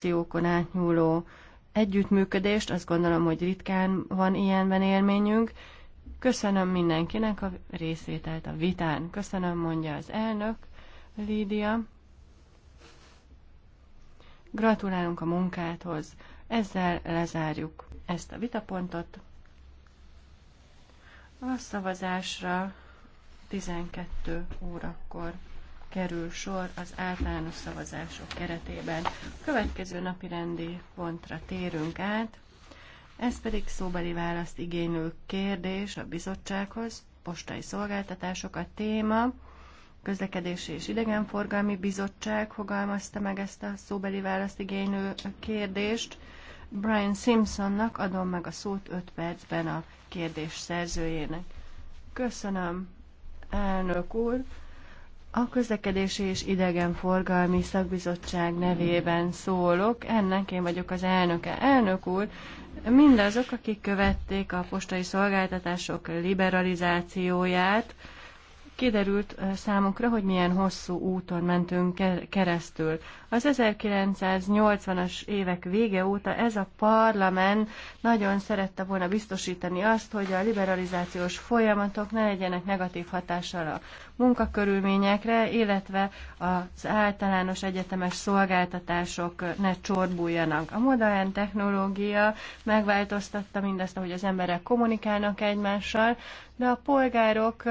generációkon átnyúló együttműködést. Azt gondolom, hogy ritkán van ilyenben élményünk. Köszönöm mindenkinek a részvételt a vitán. Köszönöm, mondja az elnök, Lídia. Gratulálunk a munkáthoz. Ezzel lezárjuk ezt a vitapontot. A szavazásra 12 órakor kerül sor az általános szavazások keretében. A következő napi rendi pontra térünk át, ez pedig szóbeli választ igénylő kérdés a bizottsághoz, postai szolgáltatások a téma, közlekedési és idegenforgalmi bizottság fogalmazta meg ezt a szóbeli választ igénylő kérdést. Brian Simpsonnak adom meg a szót 5 percben a kérdés szerzőjének. Köszönöm, elnök úr! A közlekedési és idegenforgalmi szakbizottság nevében szólok, ennek én vagyok az elnöke. Elnök úr, mindazok, akik követték a postai szolgáltatások liberalizációját, kiderült számunkra, hogy milyen hosszú úton mentünk keresztül. Az 1980-as évek vége óta ez a parlament nagyon szerette volna biztosítani azt, hogy a liberalizációs folyamatok ne legyenek negatív hatással a munkakörülményekre, illetve az általános egyetemes szolgáltatások ne csorbuljanak. A modern technológia megváltoztatta mindezt, ahogy az emberek kommunikálnak egymással, de a polgárok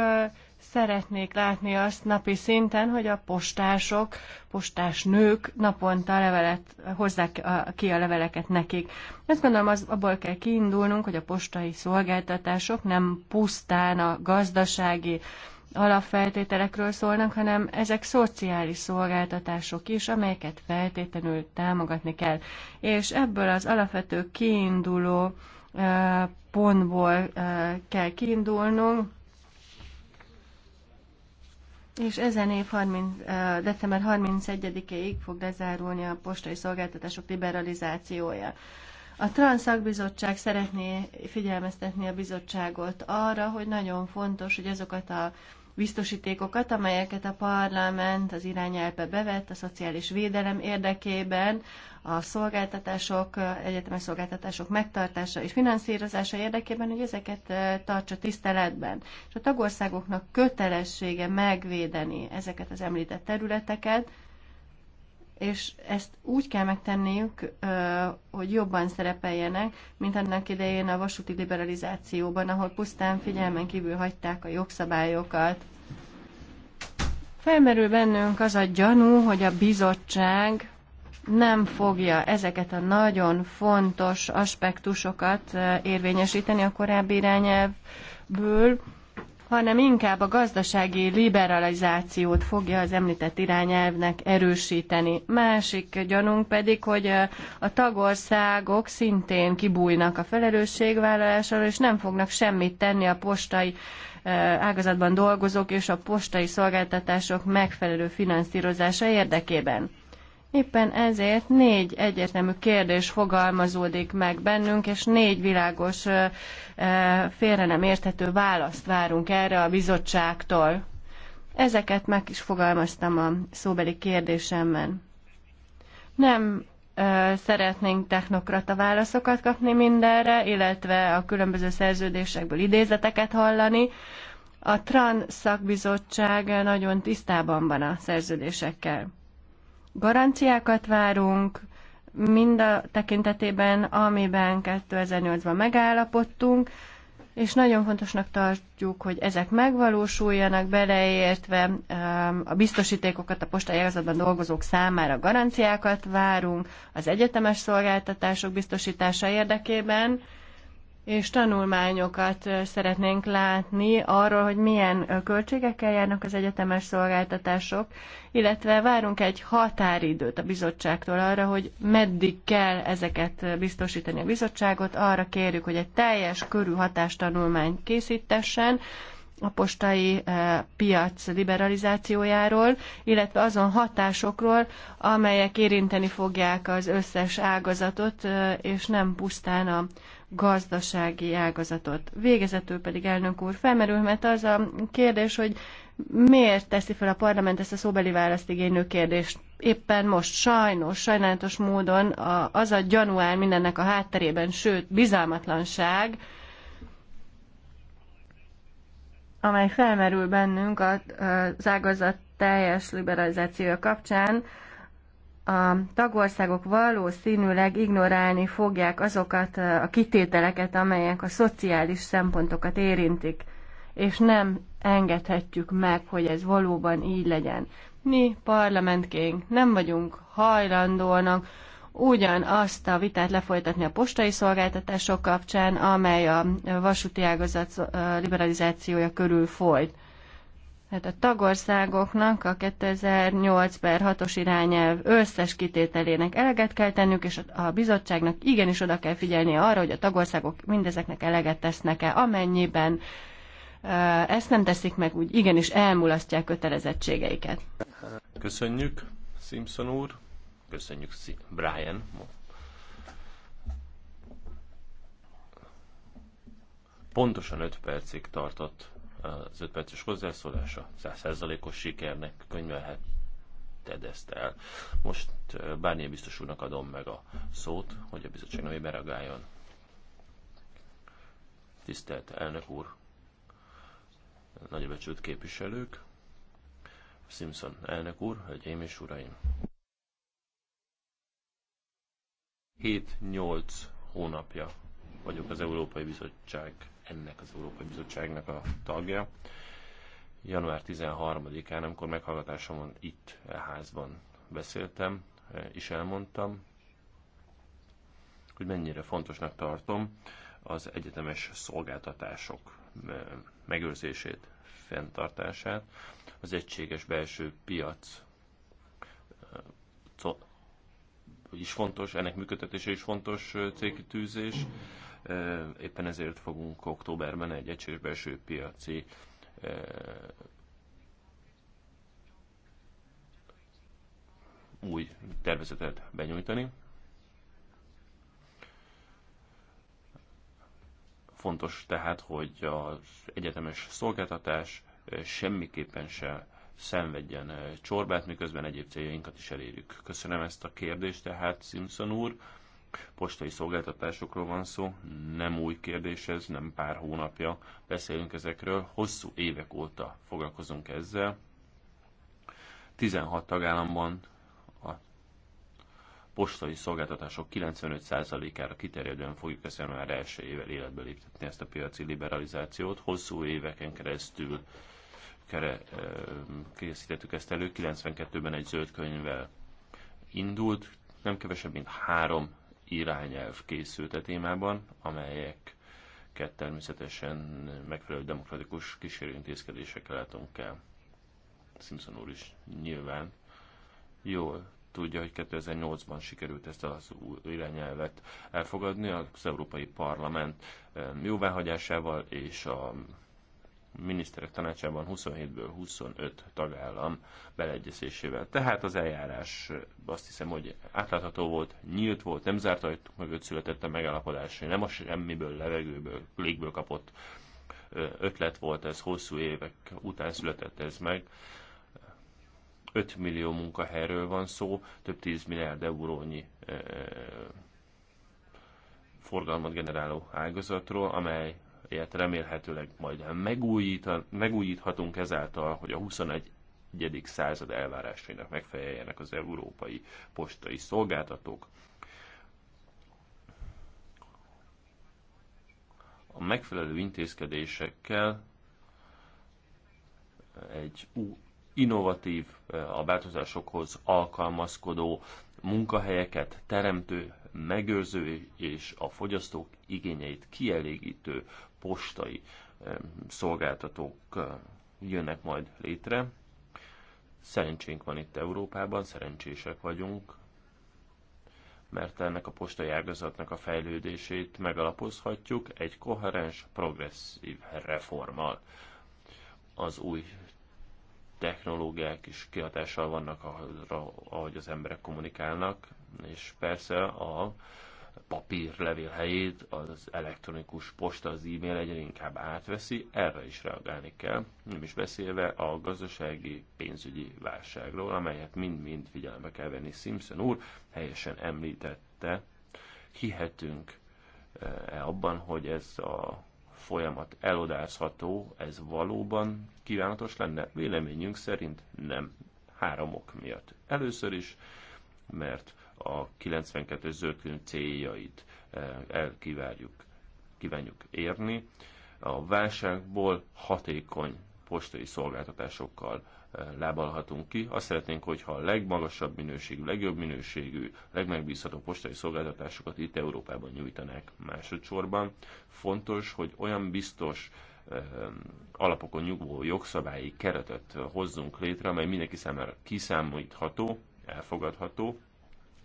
Szeretnék látni azt napi szinten, hogy a postások, postás nők naponta levelet, hozzák ki a leveleket nekik. Ezt gondolom, az, abból kell kiindulnunk, hogy a postai szolgáltatások nem pusztán a gazdasági alapfeltételekről szólnak, hanem ezek szociális szolgáltatások is, amelyeket feltétlenül támogatni kell. És ebből az alapvető kiinduló pontból kell kiindulnunk, és ezen év 30, december 31-ig fog lezárulni a postai szolgáltatások liberalizációja. A Transzakbizottság szeretné figyelmeztetni a bizottságot arra, hogy nagyon fontos, hogy azokat a biztosítékokat, amelyeket a parlament az irányelbe bevett a szociális védelem érdekében, a szolgáltatások, egyetemes szolgáltatások megtartása és finanszírozása érdekében, hogy ezeket eh, tartsa tiszteletben. És a tagországoknak kötelessége megvédeni ezeket az említett területeket, és ezt úgy kell megtenniük, hogy jobban szerepeljenek, mint annak idején a vasúti liberalizációban, ahol pusztán figyelmen kívül hagyták a jogszabályokat. Felmerül bennünk az a gyanú, hogy a bizottság nem fogja ezeket a nagyon fontos aspektusokat érvényesíteni a korábbi irányelvből, hanem inkább a gazdasági liberalizációt fogja az említett irányelvnek erősíteni. Másik gyanunk pedig, hogy a tagországok szintén kibújnak a felelősségvállalásról, és nem fognak semmit tenni a postai ágazatban dolgozók és a postai szolgáltatások megfelelő finanszírozása érdekében. Éppen ezért négy egyértelmű kérdés fogalmazódik meg bennünk, és négy világos, félre nem érthető választ várunk erre a bizottságtól. Ezeket meg is fogalmaztam a szóbeli kérdésemben. Nem szeretnénk technokrata válaszokat kapni mindenre, illetve a különböző szerződésekből idézeteket hallani. A TRAN szakbizottság nagyon tisztában van a szerződésekkel. Garanciákat várunk, mind a tekintetében, amiben 2008-ban megállapodtunk, és nagyon fontosnak tartjuk, hogy ezek megvalósuljanak, beleértve a biztosítékokat a postai ágazatban dolgozók számára garanciákat várunk az egyetemes szolgáltatások biztosítása érdekében, és tanulmányokat szeretnénk látni arról, hogy milyen költségekkel járnak az egyetemes szolgáltatások, illetve várunk egy határidőt a bizottságtól arra, hogy meddig kell ezeket biztosítani a bizottságot, arra kérjük, hogy egy teljes körű hatástanulmányt készítessen, a postai eh, piac liberalizációjáról, illetve azon hatásokról, amelyek érinteni fogják az összes ágazatot, eh, és nem pusztán a gazdasági ágazatot. Végezetül pedig elnök úr felmerül, mert az a kérdés, hogy miért teszi fel a parlament ezt a szóbeli választ igénylő kérdést. Éppen most sajnos, sajnálatos módon az a gyanúán mindennek a hátterében, sőt bizalmatlanság, amely felmerül bennünk az ágazat teljes liberalizációja kapcsán, a tagországok valószínűleg ignorálni fogják azokat a kitételeket, amelyek a szociális szempontokat érintik, és nem engedhetjük meg, hogy ez valóban így legyen. Mi parlamentként nem vagyunk hajlandónak ugyanazt a vitát lefolytatni a postai szolgáltatások kapcsán, amely a vasúti ágazat liberalizációja körül folyt. Tehát a tagországoknak a 2008 per 6-os irányelv összes kitételének eleget kell tennünk, és a bizottságnak igenis oda kell figyelnie arra, hogy a tagországok mindezeknek eleget tesznek-e, amennyiben ezt nem teszik meg, úgy igenis elmulasztják kötelezettségeiket. Köszönjük, Simpson úr. Köszönjük, Brian. Pontosan 5 percig tartott az 5 perces hozzászólása, 100%-os sikernek könyvelhet könyvelheted ezt el. Most bármilyen biztos úrnak adom meg a szót, hogy a bizottság nevében reagáljon. Tisztelt elnök úr, becsült képviselők, Simpson elnök úr, hölgyeim és uraim! 7-8 hónapja vagyok az Európai Bizottság, ennek az Európai Bizottságnak a tagja. Január 13-án, amikor meghallgatásomon itt a e házban beszéltem, és e, elmondtam, hogy mennyire fontosnak tartom az egyetemes szolgáltatások e, megőrzését, fenntartását, az egységes belső piac is fontos, ennek működtetése is fontos cégkitűzés. Éppen ezért fogunk októberben egy egységes belső piaci új tervezetet benyújtani. Fontos tehát, hogy az egyetemes szolgáltatás semmiképpen se szenvedjen csorbát, miközben egyéb céljainkat is elérjük. Köszönöm ezt a kérdést, tehát Simpson úr. Postai szolgáltatásokról van szó, nem új kérdés ez, nem pár hónapja beszélünk ezekről, hosszú évek óta foglalkozunk ezzel. 16 tagállamban a postai szolgáltatások 95%-ára kiterjedően fogjuk ezt már első évvel életbe léptetni ezt a piaci liberalizációt. Hosszú éveken keresztül kere, készítettük ezt elő, 92-ben egy zöld könyvvel indult, nem kevesebb, mint három irányelv készült a e témában, amelyeket természetesen megfelelő demokratikus kísérőintézkedésekkel látunk el. Simpson úr is nyilván jól tudja, hogy 2008-ban sikerült ezt az irányelvet elfogadni az Európai Parlament jóváhagyásával és a miniszterek tanácsában 27-ből 25 tagállam beleegyezésével. Tehát az eljárás azt hiszem, hogy átlátható volt, nyílt volt, nem zárt ajtók mögött született a megállapodás, nem a semmiből, levegőből, légből kapott ötlet volt ez, hosszú évek után született ez meg. 5 millió munkahelyről van szó, több 10 milliárd eurónyi forgalmat generáló ágazatról, amely amelyet remélhetőleg majd megújíthatunk ezáltal, hogy a 21 század elvárásainak megfeleljenek az európai postai szolgáltatók. A megfelelő intézkedésekkel egy innovatív, eh, a változásokhoz alkalmazkodó munkahelyeket teremtő megőrző és a fogyasztók igényeit kielégítő postai szolgáltatók jönnek majd létre. Szerencsénk van itt Európában, szerencsések vagyunk, mert ennek a postai ágazatnak a fejlődését megalapozhatjuk egy koherens, progresszív reformmal. Az új technológiák is kihatással vannak arra, ahogy az emberek kommunikálnak, és persze a papír levél helyét az elektronikus posta, az e-mail egyre inkább átveszi, erre is reagálni kell, nem is beszélve a gazdasági pénzügyi válságról, amelyet mind-mind figyelembe kell venni. Simpson úr helyesen említette, hihetünk -e abban, hogy ez a folyamat elodázható, ez valóban kívánatos lenne? Véleményünk szerint nem. Három ok miatt. Először is, mert a 92 zöldkönyv céljait eh, elkívánjuk kívánjuk érni. A válságból hatékony postai szolgáltatásokkal lábalhatunk ki. Azt szeretnénk, hogyha a legmagasabb minőségű, legjobb minőségű, legmegbízható postai szolgáltatásokat itt Európában nyújtanák másodszorban. Fontos, hogy olyan biztos alapokon nyugvó jogszabályi keretet hozzunk létre, amely mindenki számára kiszámítható, elfogadható,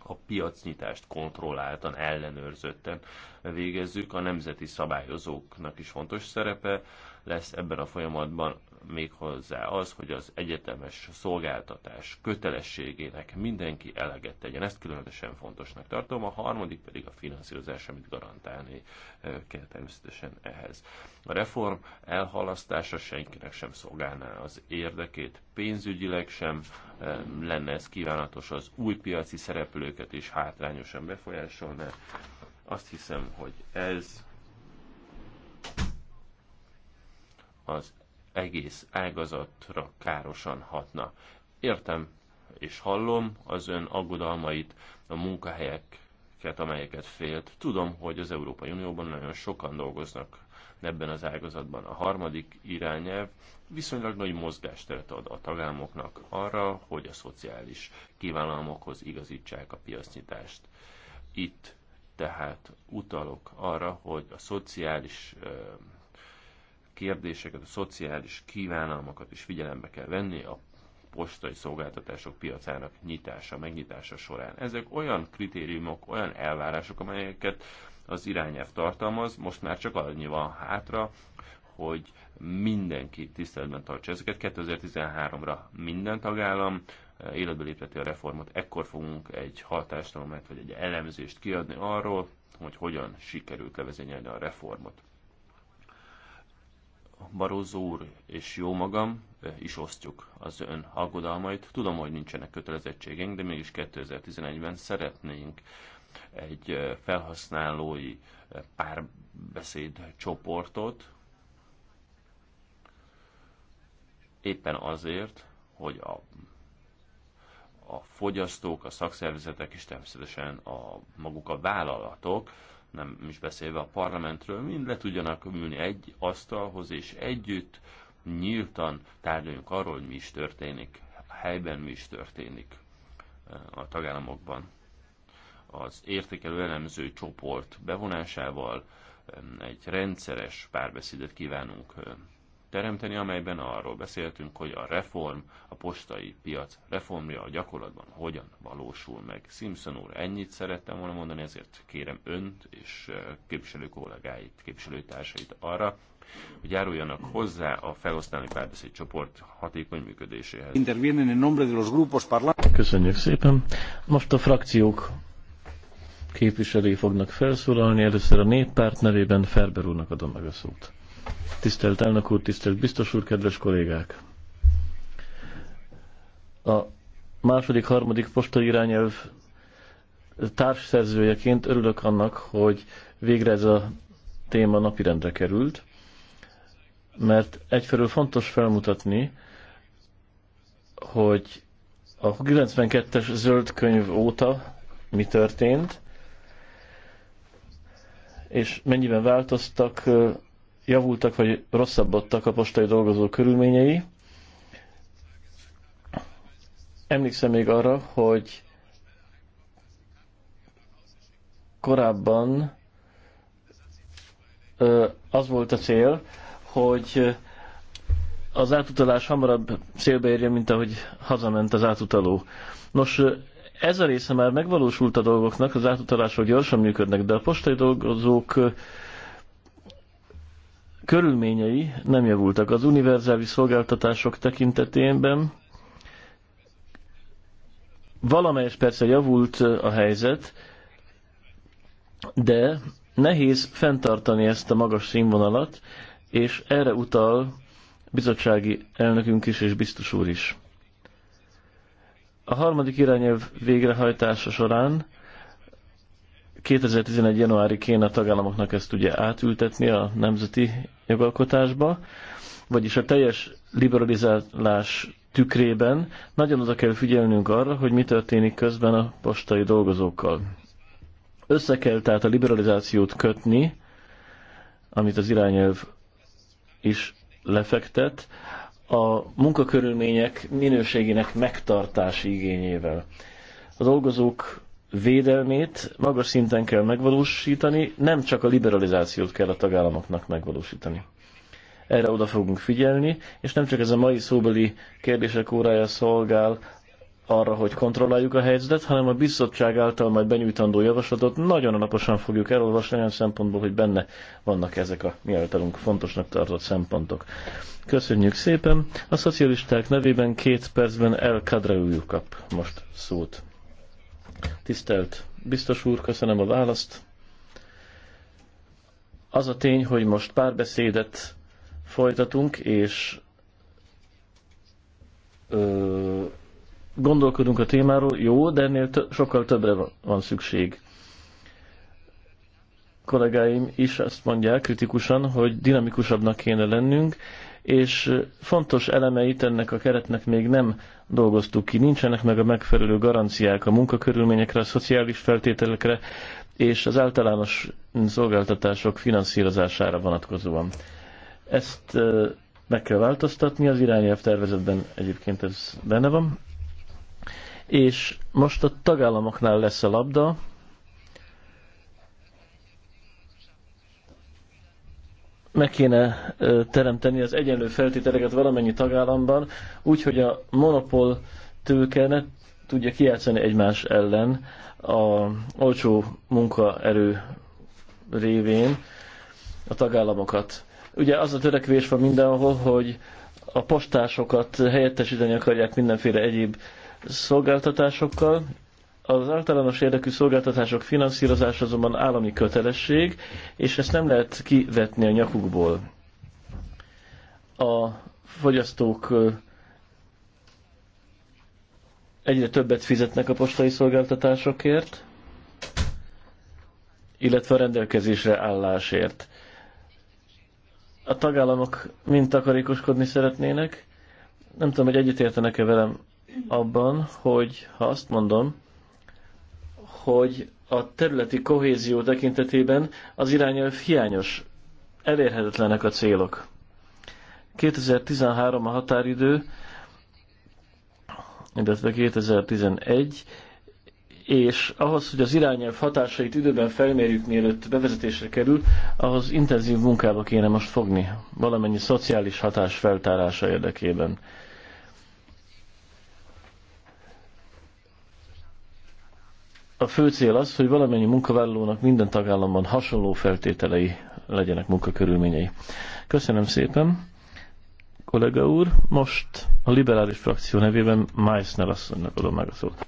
a piacnyitást kontrolláltan, ellenőrzötten végezzük. A nemzeti szabályozóknak is fontos szerepe lesz ebben a folyamatban méghozzá az, hogy az egyetemes szolgáltatás kötelességének mindenki eleget tegyen. Ezt különösen fontosnak tartom. A harmadik pedig a finanszírozás, amit garantálni kell természetesen ehhez. A reform elhalasztása senkinek sem szolgálná az érdekét, pénzügyileg sem lenne ez kívánatos, az új piaci szereplőket is hátrányosan befolyásolná. Azt hiszem, hogy ez az egész ágazatra károsan hatna. Értem és hallom az ön aggodalmait, a munkahelyeket, amelyeket félt. Tudom, hogy az Európai Unióban nagyon sokan dolgoznak ebben az ágazatban. A harmadik irányelv viszonylag nagy mozgásteret ad a tagállamoknak arra, hogy a szociális kívánalmokhoz igazítsák a piacnyitást. Itt tehát utalok arra, hogy a szociális kérdéseket, a szociális kívánalmakat is figyelembe kell venni a postai szolgáltatások piacának nyitása, megnyitása során. Ezek olyan kritériumok, olyan elvárások, amelyeket az irányelv tartalmaz, most már csak annyi van hátra, hogy mindenki tiszteletben tartsa ezeket. 2013-ra minden tagállam eh, életbe lépteti a reformot, ekkor fogunk egy hatástalomát vagy egy elemzést kiadni arról, hogy hogyan sikerült levezényelni a reformot. Barózó úr és jó magam eh, is osztjuk az ön aggodalmait. Tudom, hogy nincsenek kötelezettségeink, de mégis 2011-ben szeretnénk egy eh, felhasználói eh, párbeszéd csoportot, éppen azért, hogy a, a fogyasztók, a szakszervezetek és természetesen a, maguk a vállalatok nem is beszélve a parlamentről, mind le tudjanak ülni egy asztalhoz, és együtt nyíltan tárgyaljunk arról, hogy mi is történik, helyben mi is történik eh, a tagállamokban. Az értékelő elemző csoport bevonásával eh, egy rendszeres párbeszédet kívánunk eh, teremteni, amelyben arról beszéltünk, hogy a reform, a postai piac reformja a gyakorlatban hogyan valósul meg. Simpson úr, ennyit szerettem volna mondani, ezért kérem önt és eh, képviselő kollégáit, képviselőtársait arra, hogy járuljanak hozzá a felhasználói párbeszéd csoport hatékony működéséhez. Köszönjük szépen. Most a frakciók képviselői fognak felszólalni. Először a néppárt nevében Ferber úrnak adom meg a szót. Tisztelt elnök úr, tisztelt biztos úr, kedves kollégák! A második, harmadik postai irányelv társszerzőjeként örülök annak, hogy végre ez a téma napirendre került, mert egyfelől fontos felmutatni, hogy a 92-es zöld könyv óta mi történt, és mennyiben változtak javultak vagy rosszabbodtak a postai dolgozók körülményei. Emlékszem még arra, hogy korábban az volt a cél, hogy az átutalás hamarabb célbe érje, mint ahogy hazament az átutaló. Nos, ez a része már megvalósult a dolgoknak, az átutalások gyorsan működnek, de a postai dolgozók körülményei nem javultak. Az univerzális szolgáltatások tekintetében valamelyes persze javult a helyzet, de nehéz fenntartani ezt a magas színvonalat, és erre utal bizottsági elnökünk is és biztos úr is. A harmadik irányelv végrehajtása során 2011. januári kéne a tagállamoknak ezt ugye átültetni a nemzeti jogalkotásba, vagyis a teljes liberalizálás tükrében nagyon oda kell figyelnünk arra, hogy mi történik közben a postai dolgozókkal. Össze kell tehát a liberalizációt kötni, amit az irányelv is lefektet, a munkakörülmények minőségének megtartási igényével. A dolgozók védelmét magas szinten kell megvalósítani, nem csak a liberalizációt kell a tagállamoknak megvalósítani. Erre oda fogunk figyelni, és nem csak ez a mai szóbeli kérdések órája szolgál arra, hogy kontrolláljuk a helyzetet, hanem a bizottság által majd benyújtandó javaslatot nagyon alaposan fogjuk elolvasni olyan szempontból, hogy benne vannak ezek a mi általunk fontosnak tartott szempontok. Köszönjük szépen! A szocialisták nevében két percben El Kadraújú kap most szót. Tisztelt biztos úr, köszönöm a választ. Az a tény, hogy most párbeszédet folytatunk, és ö, gondolkodunk a témáról, jó, de ennél sokkal többre van, van szükség. Kollégáim is azt mondják kritikusan, hogy dinamikusabbnak kéne lennünk, és fontos elemeit ennek a keretnek még nem dolgoztuk ki. Nincsenek meg a megfelelő garanciák a munkakörülményekre, a szociális feltételekre és az általános szolgáltatások finanszírozására vonatkozóan. Ezt meg kell változtatni, az irányelv tervezetben egyébként ez benne van. És most a tagállamoknál lesz a labda, meg kéne teremteni az egyenlő feltételeket valamennyi tagállamban, úgyhogy a monopól tőke ne tudja kiátszani egymás ellen a olcsó munkaerő révén a tagállamokat. Ugye az a törekvés van mindenhol, hogy a postásokat helyettesíteni akarják mindenféle egyéb szolgáltatásokkal. Az általános érdekű szolgáltatások finanszírozása azonban állami kötelesség, és ezt nem lehet kivetni a nyakukból a fogyasztók egyre többet fizetnek a postai szolgáltatásokért, illetve a rendelkezésre állásért. A tagállamok mind takarékoskodni szeretnének. Nem tudom, hogy egyetértenek-e velem abban, hogy ha azt mondom, hogy a területi kohézió tekintetében az irányelv hiányos, elérhetetlenek a célok. 2013 a határidő, illetve 2011, és ahhoz, hogy az irányelv hatásait időben felmérjük, mielőtt bevezetésre kerül, ahhoz intenzív munkába kéne most fogni, valamennyi szociális hatás feltárása érdekében. A fő cél az, hogy valamennyi munkavállalónak minden tagállamban hasonló feltételei legyenek munkakörülményei. Köszönöm szépen! kollega úr. Most a liberális frakció nevében Meissner asszonynak adom meg a szót.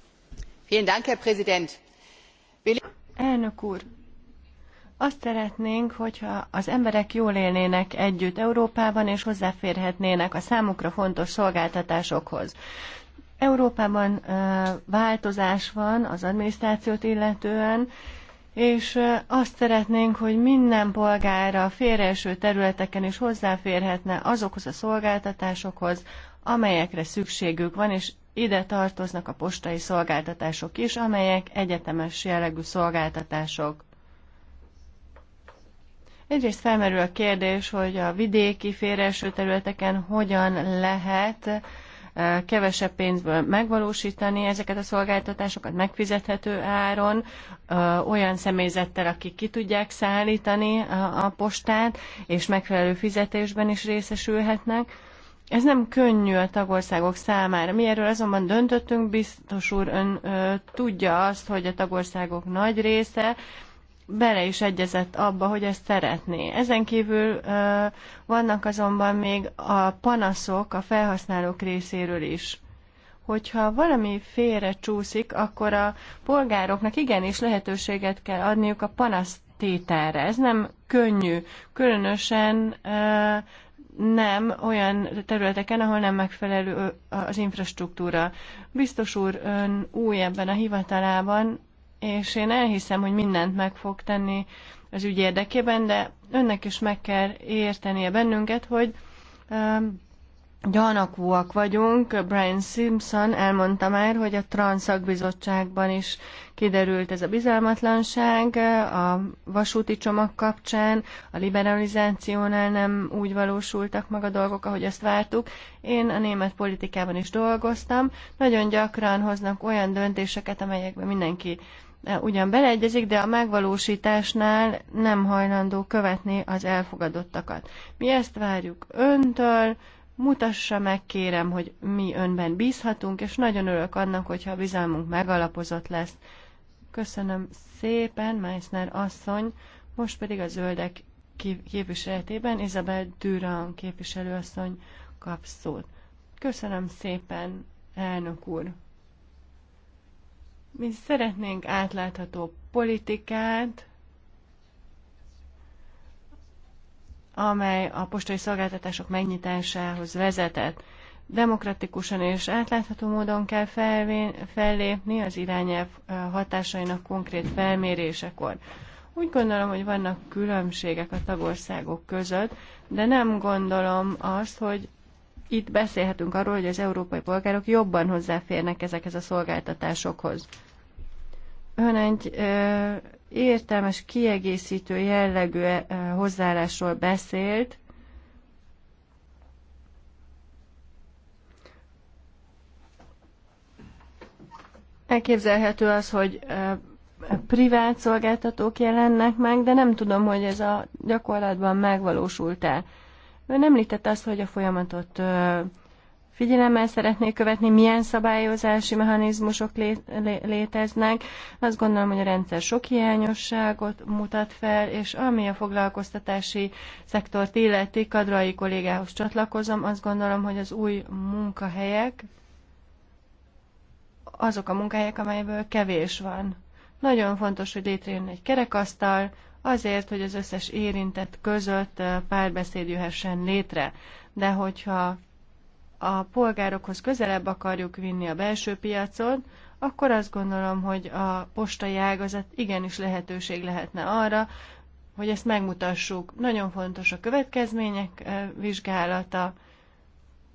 Elnök úr, azt szeretnénk, hogyha az emberek jól élnének együtt Európában, és hozzáférhetnének a számukra fontos szolgáltatásokhoz. Európában változás van az adminisztrációt illetően, és azt szeretnénk, hogy minden polgára félreeső területeken is hozzáférhetne azokhoz a szolgáltatásokhoz, amelyekre szükségük van, és ide tartoznak a postai szolgáltatások is, amelyek egyetemes jellegű szolgáltatások. Egyrészt felmerül a kérdés, hogy a vidéki félreeső területeken hogyan lehet kevesebb pénzből megvalósítani ezeket a szolgáltatásokat megfizethető áron, olyan személyzettel, akik ki tudják szállítani a postát, és megfelelő fizetésben is részesülhetnek. Ez nem könnyű a tagországok számára. Mi erről azonban döntöttünk, biztos úr, ön ö, tudja azt, hogy a tagországok nagy része bele is egyezett abba, hogy ezt szeretné. Ezen kívül vannak azonban még a panaszok a felhasználók részéről is. Hogyha valami félre csúszik, akkor a polgároknak igenis lehetőséget kell adniuk a panasztételre. Ez nem könnyű, különösen nem olyan területeken, ahol nem megfelelő az infrastruktúra. Biztos úr, ön új ebben a hivatalában, és én elhiszem, hogy mindent meg fog tenni az ügy érdekében, de önnek is meg kell értenie bennünket, hogy um, gyanakúak vagyunk. Brian Simpson elmondta már, hogy a Transzakbizottságban is kiderült ez a bizalmatlanság a vasúti csomag kapcsán, a liberalizációnál nem úgy valósultak meg a dolgok, ahogy ezt vártuk. Én a német politikában is dolgoztam. Nagyon gyakran hoznak olyan döntéseket, amelyekben mindenki ugyan beleegyezik, de a megvalósításnál nem hajlandó követni az elfogadottakat. Mi ezt várjuk öntől, mutassa meg, kérem, hogy mi önben bízhatunk, és nagyon örülök annak, hogyha a bizalmunk megalapozott lesz. Köszönöm szépen, Meissner asszony, most pedig a zöldek képviseletében Isabel Duran képviselőasszony kap szót. Köszönöm szépen, elnök úr! Mi szeretnénk átlátható politikát, amely a postai szolgáltatások megnyitásához vezetett. Demokratikusan és átlátható módon kell fellépni az irányelv hatásainak konkrét felmérésekor. Úgy gondolom, hogy vannak különbségek a tagországok között, de nem gondolom azt, hogy itt beszélhetünk arról, hogy az európai polgárok jobban hozzáférnek ezekhez a szolgáltatásokhoz. Ön egy ö, értelmes, kiegészítő jellegű ö, hozzáállásról beszélt, Elképzelhető az, hogy privát szolgáltatók jelennek meg, de nem tudom, hogy ez a gyakorlatban megvalósult-e. Ön említette azt, hogy a folyamatot figyelemmel szeretnék követni, milyen szabályozási mechanizmusok lé- lé- léteznek. Azt gondolom, hogy a rendszer sok hiányosságot mutat fel, és ami a foglalkoztatási szektort illeti, kadrai kollégához csatlakozom, azt gondolom, hogy az új munkahelyek azok a munkahelyek, amelyből kevés van. Nagyon fontos, hogy létrejön egy kerekasztal, azért, hogy az összes érintett között eh, párbeszéd jöhessen létre. De hogyha a polgárokhoz közelebb akarjuk vinni a belső piacot, akkor azt gondolom, hogy a postai ágazat igenis lehetőség lehetne arra, hogy ezt megmutassuk. Nagyon fontos a következmények eh, vizsgálata.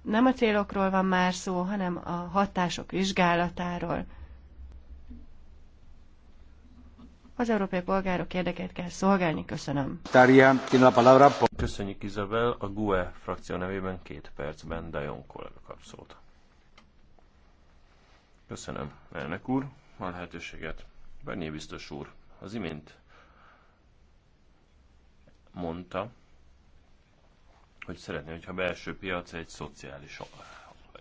Nem a célokról van már szó, hanem a hatások vizsgálatáról. az európai polgárok érdekét kell szolgálni. Köszönöm. Köszönjük Izabel. A GUE frakció nevében két percben Dajon kollega kap szót. Köszönöm, elnök úr, a lehetőséget. Bernyé biztos úr, az imént mondta, hogy szeretné, hogyha a belső piac egy szociális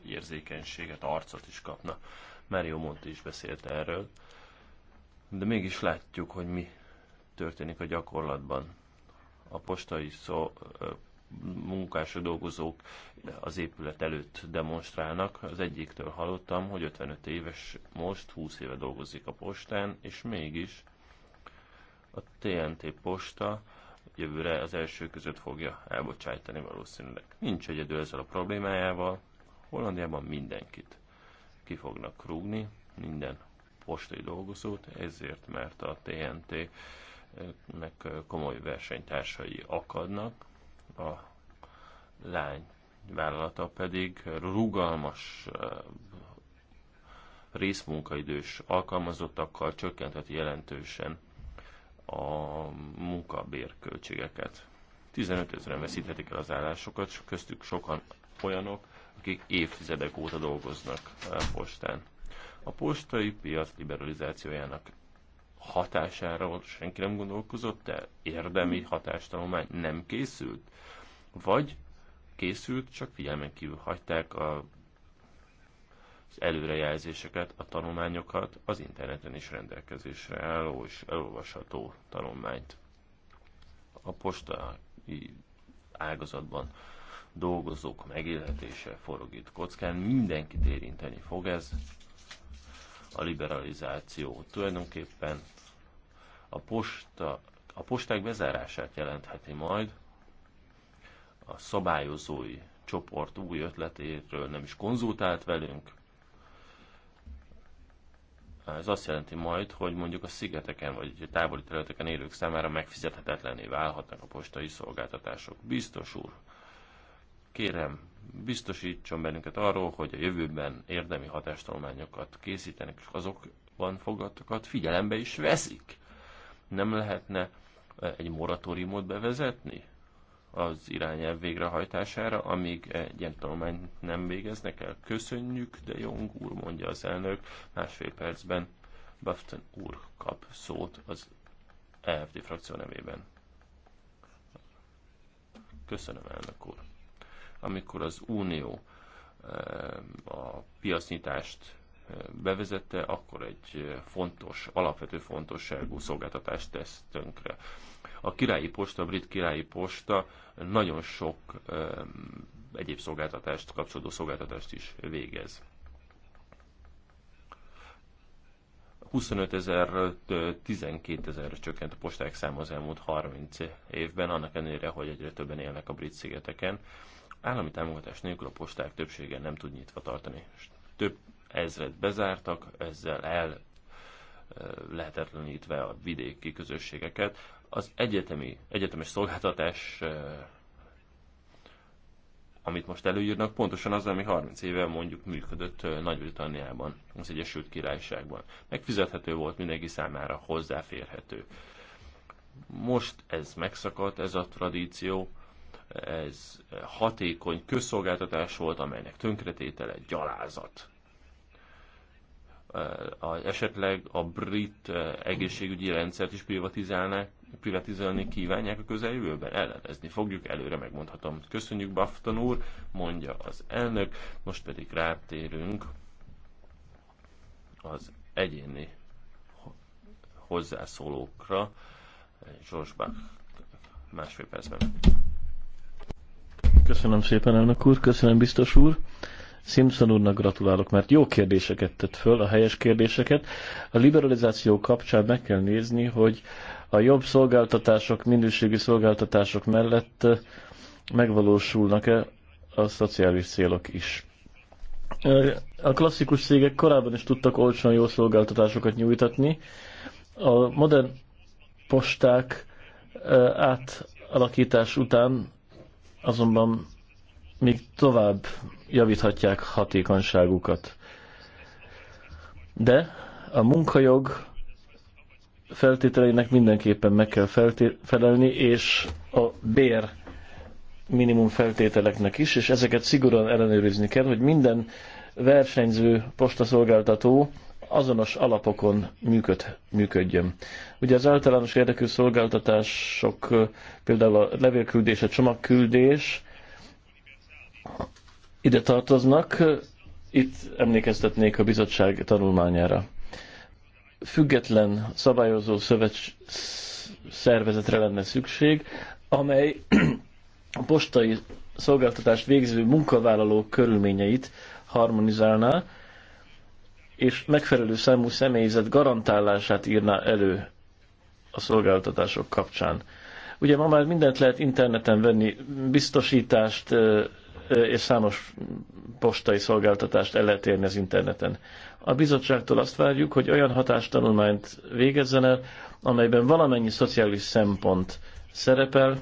érzékenységet, arcot is kapna. Mario Monti is beszélt erről de mégis látjuk, hogy mi történik a gyakorlatban. A postai szó, munkások, dolgozók az épület előtt demonstrálnak. Az egyiktől hallottam, hogy 55 éves most, 20 éve dolgozik a postán, és mégis a TNT posta jövőre az első között fogja elbocsájtani valószínűleg. Nincs egyedül ezzel a problémájával, Hollandiában mindenkit ki fognak rúgni, minden postai dolgozót, ezért mert a TNT meg eh, eh, komoly versenytársai akadnak, a lány vállalata pedig rugalmas eh, részmunkaidős alkalmazottakkal csökkentheti jelentősen a munkabérköltségeket. 15 ezeren veszíthetik el az állásokat, köztük sokan olyanok, akik évtizedek óta dolgoznak postán. A postai piac liberalizációjának hatásáról senki nem gondolkozott, de érdemi hm. hatástanulmány nem készült? Vagy készült, csak figyelmen kívül hagyták a, az előrejelzéseket, a tanulmányokat, az interneten is rendelkezésre álló és elolvasható tanulmányt. A postai ágazatban dolgozók megélhetése forog itt kockán, mindenkit érinteni fog ez, a liberalizáció. Tulajdonképpen a, posta, a posták bezárását jelentheti majd, a szabályozói csoport új ötletéről nem is konzultált velünk. Ez azt jelenti majd, hogy mondjuk a szigeteken vagy távoli területeken élők számára megfizethetetlené válhatnak a postai szolgáltatások. Biztos úr, kérem, biztosítson bennünket arról, hogy a jövőben érdemi hatástalományokat készítenek, és azokban foglaltakat figyelembe is veszik. Nem lehetne eh, egy moratóriumot bevezetni az irányelv végrehajtására, amíg egy ilyen tanulmányt nem végeznek el. Köszönjük, de Jong úr, mondja az elnök, másfél percben Bafton úr kap szót az EFD frakció nevében. Köszönöm, elnök úr amikor az Unió eh, a piacnyitást eh, bevezette, akkor egy eh, fontos, alapvető fontosságú szolgáltatást tesz tönkre. A királyi posta, a brit királyi posta nagyon sok egyéb szolgáltatást, kapcsolódó szolgáltatást is végez. 25 ezer, 12 ezer csökkent a posták száma az elmúlt 30 évben, annak ellenére, hogy egyre többen élnek a brit szigeteken. Állami támogatás nélkül a posták többsége nem tud nyitva tartani. Több ezret bezártak, ezzel el lehetetlenítve a vidéki közösségeket. Az egyetemi, egyetemes szolgáltatás, amit most előírnak, pontosan az, ami 30 éve mondjuk működött Nagy-Britanniában, az Egyesült Királyságban. Megfizethető volt mindenki számára, hozzáférhető. Most ez megszakadt, ez a tradíció, ez hatékony közszolgáltatás volt, amelynek tönkretétele gyalázat. Esetleg a brit e, egészségügyi rendszert is privatizálni kívánják a közeljövőben? Ellenezni fogjuk, előre megmondhatom. Köszönjük, Bafton úr, mondja az elnök. Most pedig rátérünk az egyéni hozzászólókra. Zsorsbach másfél percben. Köszönöm szépen, elnök úr, köszönöm biztos úr. Simpson úrnak gratulálok, mert jó kérdéseket tett föl, a helyes kérdéseket. A liberalizáció kapcsán meg kell nézni, hogy a jobb szolgáltatások, minőségi szolgáltatások mellett eh, megvalósulnak-e a szociális célok is. Eh, a klasszikus cégek korábban is tudtak olcsón jó szolgáltatásokat nyújtatni. A modern posták eh, átalakítás után azonban még tovább javíthatják hatékonyságukat. De a munkajog feltételeinek mindenképpen meg kell felelni, és a bér minimum feltételeknek is, és ezeket szigorúan ellenőrizni kell, hogy minden versenyző postaszolgáltató azonos alapokon működ, működjön. Ugye az általános érdekű szolgáltatások, például a levélküldés, a csomagküldés ide tartoznak, itt emlékeztetnék a bizottság tanulmányára. Független szabályozó szövets szervezetre lenne szükség, amely a postai szolgáltatást végző munkavállalók körülményeit harmonizálná, és megfelelő számú személyzet garantálását írná elő a szolgáltatások kapcsán. Ugye ma már mindent lehet interneten venni, biztosítást és számos postai szolgáltatást el lehet érni az interneten. A bizottságtól azt várjuk, hogy olyan hatástanulmányt végezzen el, amelyben valamennyi szociális szempont szerepel,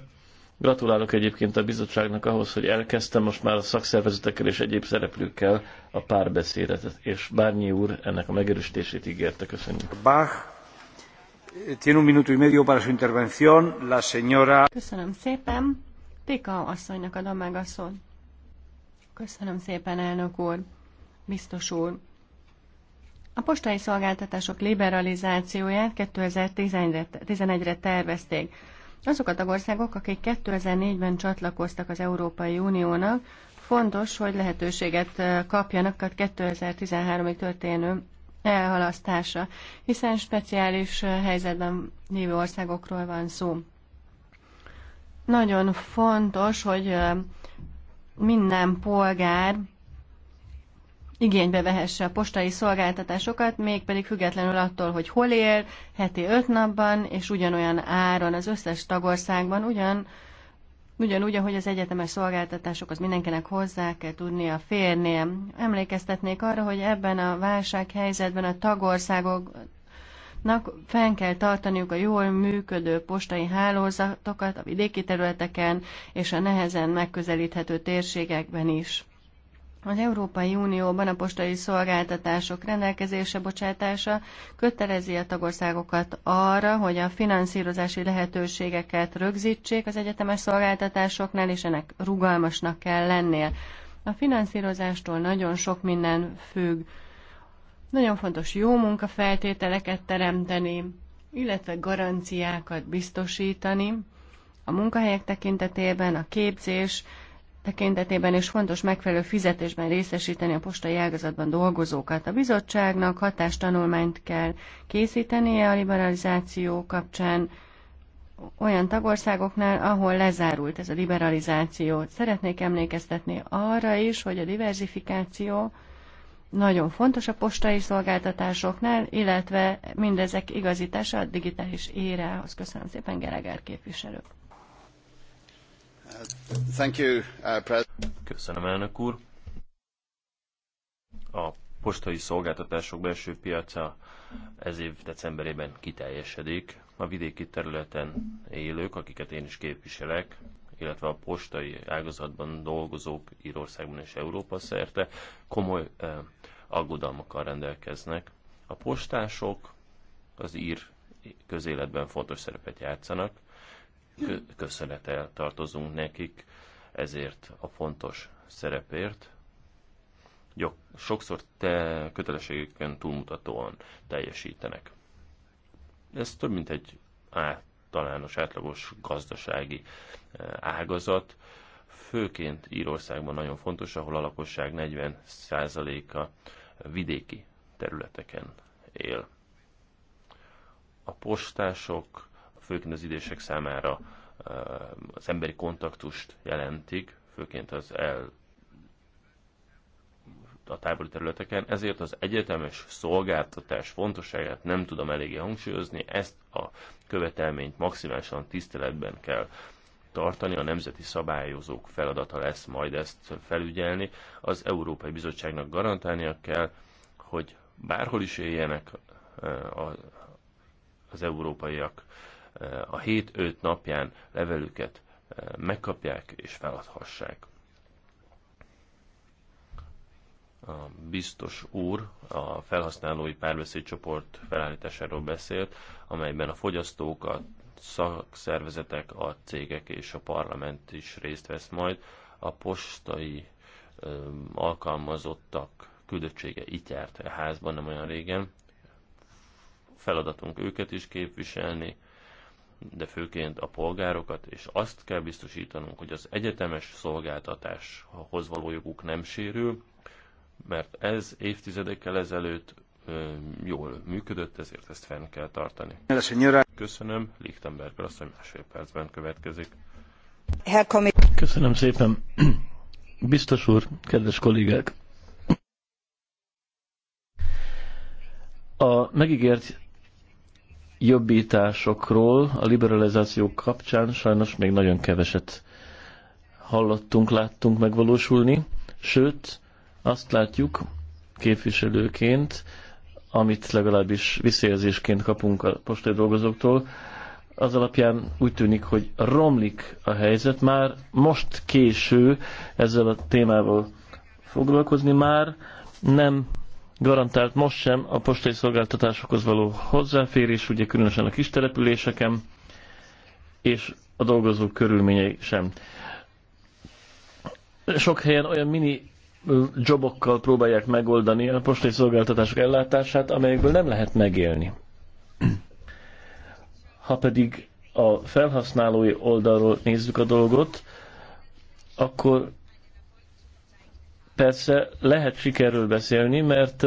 Gratulálok egyébként a bizottságnak ahhoz, hogy elkezdtem most már a szakszervezetekkel és egyéb szereplőkkel a párbeszédet, és Bárnyi úr ennek a megerősítését ígérte. Köszönjük. Bach. Tiene un minuto y medio para su intervención. La señora... Köszönöm szépen. Tika asszonynak adom meg a szót. Köszönöm szépen, elnök úr. Biztos úr. A postai szolgáltatások liberalizációját 2011-re tervezték. Azok a tagországok, akik 2004-ben csatlakoztak az Európai Uniónak, fontos, hogy lehetőséget kapjanak a 2013-ig történő elhalasztása, hiszen speciális helyzetben lévő országokról van szó. Nagyon fontos, hogy minden polgár igénybe vehesse a postai szolgáltatásokat, mégpedig függetlenül attól, hogy hol él, heti öt napban, és ugyanolyan áron az összes tagországban, ugyan, ugyanúgy, ahogy az egyetemes szolgáltatások, az mindenkinek hozzá kell tudnia férnie. Emlékeztetnék arra, hogy ebben a válsághelyzetben a tagországok fenn kell tartaniuk a jól működő postai hálózatokat a vidéki területeken és a nehezen megközelíthető térségekben is. Az Európai Unióban a postai szolgáltatások rendelkezése bocsátása kötelezi a tagországokat arra, hogy a finanszírozási lehetőségeket rögzítsék az egyetemes szolgáltatásoknál, és ennek rugalmasnak kell lennie. A finanszírozástól nagyon sok minden függ. Nagyon fontos jó munkafeltételeket teremteni, illetve garanciákat biztosítani a munkahelyek tekintetében, a képzés, tekintetében is fontos megfelelő fizetésben részesíteni a postai ágazatban dolgozókat. A bizottságnak hatástanulmányt kell készítenie a liberalizáció kapcsán olyan tagországoknál, ahol lezárult ez a liberalizáció. Szeretnék emlékeztetni arra is, hogy a diversifikáció nagyon fontos a postai szolgáltatásoknál, illetve mindezek igazítása a digitális érához. Köszönöm szépen, Geregár képviselő. Uh, Köszönöm, elnök úr. A postai szolgáltatások belső piaca ez év decemberében kiteljesedik. A vidéki területen élők, akiket én is képviselek, illetve a postai ágazatban dolgozók Írországban és Európa szerte komoly eh, aggodalmakkal rendelkeznek. A postások az ír közéletben fontos szerepet játszanak, köszönetel tartozunk nekik ezért a fontos szerepért. Jó sokszor te kötelességükön túlmutatóan teljesítenek. Ez több mint egy általános, átlagos gazdasági eh, ágazat. Főként Írországban nagyon fontos, ahol a lakosság 40%-a vidéki területeken él. A postások, főként az idések számára Eh, az emberi kontaktust jelentik, főként az el a távoli területeken, ezért az egyetemes szolgáltatás fontosságát nem tudom eléggé hangsúlyozni, ezt a követelményt maximálisan tiszteletben kell tartani, a nemzeti szabályozók feladata lesz majd ezt felügyelni. Az Európai Bizottságnak garantálnia kell, hogy bárhol is éljenek eh, az európaiak, a hét 5 napján levelüket e, megkapják és feladhassák. a biztos úr a felhasználói párbeszédcsoport felállításáról beszélt, amelyben a fogyasztók, a szakszervezetek, a cégek és a parlament is részt vesz majd. A postai ö, e, alkalmazottak küldöttsége itt járt a házban nem olyan régen. Feladatunk őket is képviselni, de főként a polgárokat, és azt kell biztosítanunk, hogy az egyetemes szolgáltatáshoz való joguk nem sérül, mert ez évtizedekkel ezelőtt jól működött, ezért ezt fenn kell tartani. Köszönöm, Lichtenberg asszony másfél percben következik. Köszönöm szépen. Biztos úr, kedves kollégák! A megígért jobbításokról a liberalizáció kapcsán sajnos még nagyon keveset hallottunk, láttunk megvalósulni, sőt, azt látjuk képviselőként, amit legalábbis visszajelzésként kapunk a postai dolgozóktól, az alapján úgy tűnik, hogy romlik a helyzet, már most késő ezzel a témával foglalkozni, már nem garantált most sem a postai szolgáltatásokhoz való hozzáférés, ugye különösen a kis településeken, és a dolgozók körülményei sem. Sok helyen olyan mini jobokkal próbálják megoldani a postai szolgáltatások ellátását, amelyekből nem lehet megélni. Ha pedig a felhasználói oldalról nézzük a dolgot, akkor Persze lehet sikerről beszélni, mert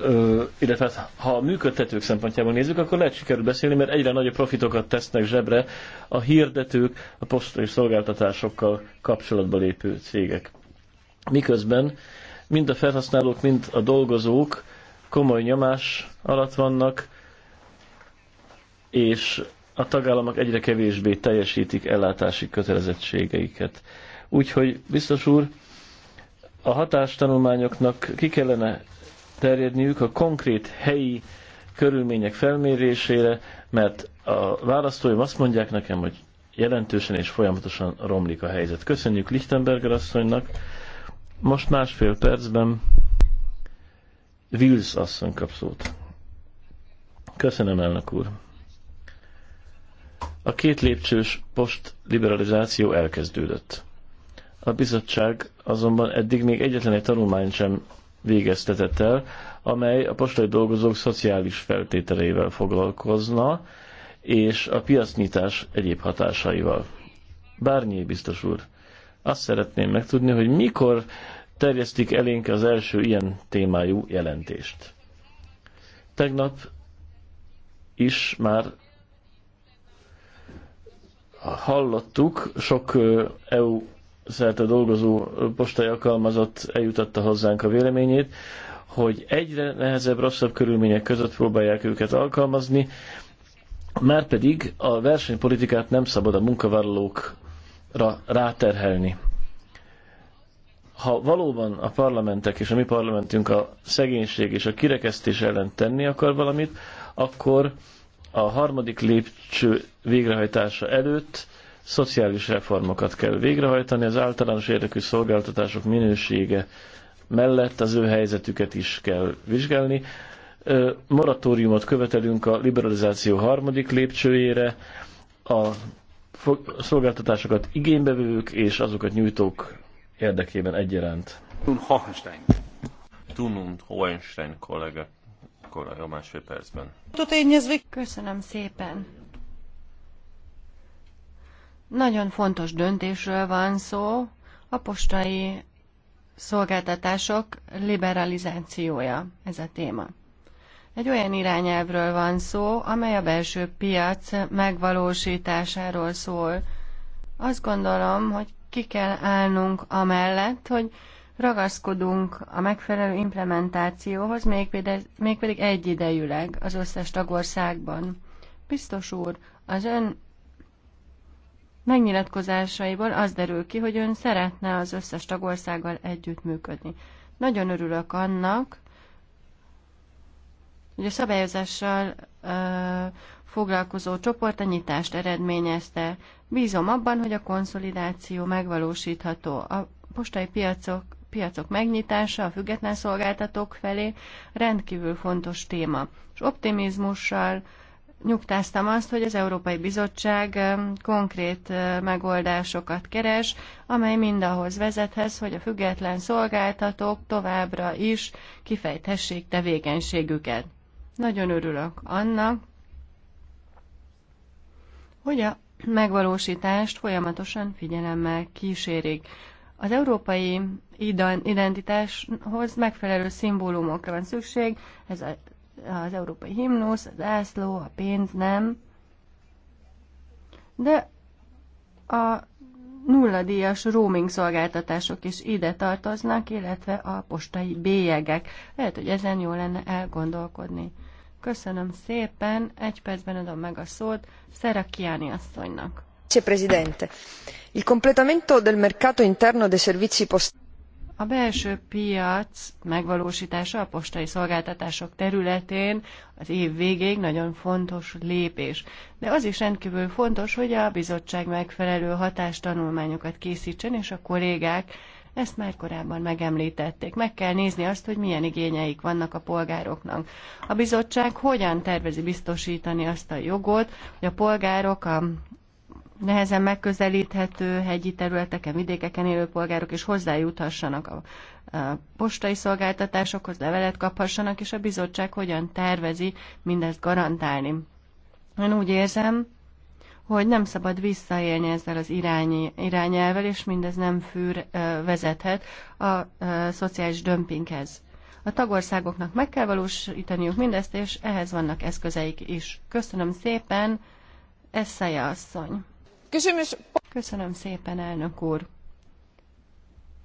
Ö, illetve hát, ha a működtetők szempontjából nézzük, akkor lehet sikerül beszélni, mert egyre nagyobb profitokat tesznek zsebre a hirdetők, a postai szolgáltatásokkal kapcsolatba lépő cégek. Miközben mind a felhasználók, mind a dolgozók komoly nyomás alatt vannak, és a tagállamok egyre kevésbé teljesítik ellátási kötelezettségeiket. Úgyhogy biztos úr, a hatástanulmányoknak ki kellene terjedniük a konkrét helyi körülmények felmérésére, mert a választóim azt mondják nekem, hogy jelentősen és folyamatosan romlik a helyzet. Köszönjük Lichtenberger asszonynak. Most másfél percben Wills asszony kap szót. Köszönöm, elnök úr. A két lépcsős postliberalizáció elkezdődött. A bizottság azonban eddig még egyetlen egy tanulmányt sem végeztetett el, amely a postai dolgozók szociális feltételeivel foglalkozna, és a piacnyitás egyéb hatásaival. Bárnyi biztos úr, azt szeretném megtudni, hogy mikor terjesztik elénk az első ilyen témájú jelentést. Tegnap is már hallottuk, sok EU szerte dolgozó postai alkalmazott eljutatta hozzánk a véleményét, hogy egyre nehezebb, rosszabb körülmények között próbálják őket alkalmazni, márpedig a versenypolitikát nem szabad a munkavállalókra ráterhelni. Ha valóban a parlamentek és a mi parlamentünk a szegénység és a kirekesztés ellen tenni akar valamit, akkor a harmadik lépcső végrehajtása előtt szociális reformokat kell végrehajtani, az általános érdekű szolgáltatások minősége mellett az ő helyzetüket is kell vizsgálni. Moratóriumot követelünk a liberalizáció harmadik lépcsőjére, a szolgáltatásokat igénybevők és azokat nyújtók érdekében egyaránt. Tunund Hohenstein. Thun Hohenstein kollega. Nikolaj, a másfél percben. Köszönöm szépen. Nagyon fontos döntésről van szó, a postai szolgáltatások liberalizációja ez a téma. Egy olyan irányelvről van szó, amely a belső piac megvalósításáról szól. Azt gondolom, hogy ki kell állnunk amellett, hogy ragaszkodunk a megfelelő implementációhoz, mégpedig egyidejűleg az összes tagországban. Biztos úr, az ön megnyilatkozásaiból az derül ki, hogy ön szeretne az összes tagországgal együttműködni. Nagyon örülök annak, hogy a szabályozással ö, foglalkozó csoport a nyitást eredményezte. Bízom abban, hogy a konszolidáció megvalósítható. A postai piacok piacok megnyitása a független szolgáltatók felé rendkívül fontos téma. És optimizmussal nyugtáztam azt, hogy az Európai Bizottság konkrét megoldásokat keres, amely mindahhoz vezethez, hogy a független szolgáltatók továbbra is kifejthessék tevékenységüket. Nagyon örülök annak, hogy a megvalósítást folyamatosan figyelemmel kísérik. Az Európai identitáshoz megfelelő szimbólumokra van szükség, ez a, az európai himnusz, az ászló, a pénz nem. De a nulladíjas roaming szolgáltatások is ide tartoznak, illetve a postai bélyegek. Lehet, hogy ezen jó lenne elgondolkodni. Köszönöm szépen, egy percben adom meg a szót Szera Kiáni asszonynak. Vice Presidente, il completamento del mercato interno dei servizi postali a belső piac megvalósítása a postai szolgáltatások területén az év végéig nagyon fontos lépés. De az is rendkívül fontos, hogy a bizottság megfelelő hatástanulmányokat készítsen, és a kollégák ezt már korábban megemlítették. Meg kell nézni azt, hogy milyen igényeik vannak a polgároknak. A bizottság hogyan tervezi biztosítani azt a jogot, hogy a polgárok a nehezen megközelíthető hegyi területeken, vidékeken élő polgárok is hozzájuthassanak a postai szolgáltatásokhoz, levelet kaphassanak, és a bizottság hogyan tervezi mindezt garantálni. Én úgy érzem, hogy nem szabad visszaélni ezzel az irányi, irányelvel, és mindez nem fűr vezethet a szociális dömpinghez. A tagországoknak meg kell valósítaniuk mindezt, és ehhez vannak eszközeik is. Köszönöm szépen, Eszeje asszony! Köszönöm szépen, elnök úr.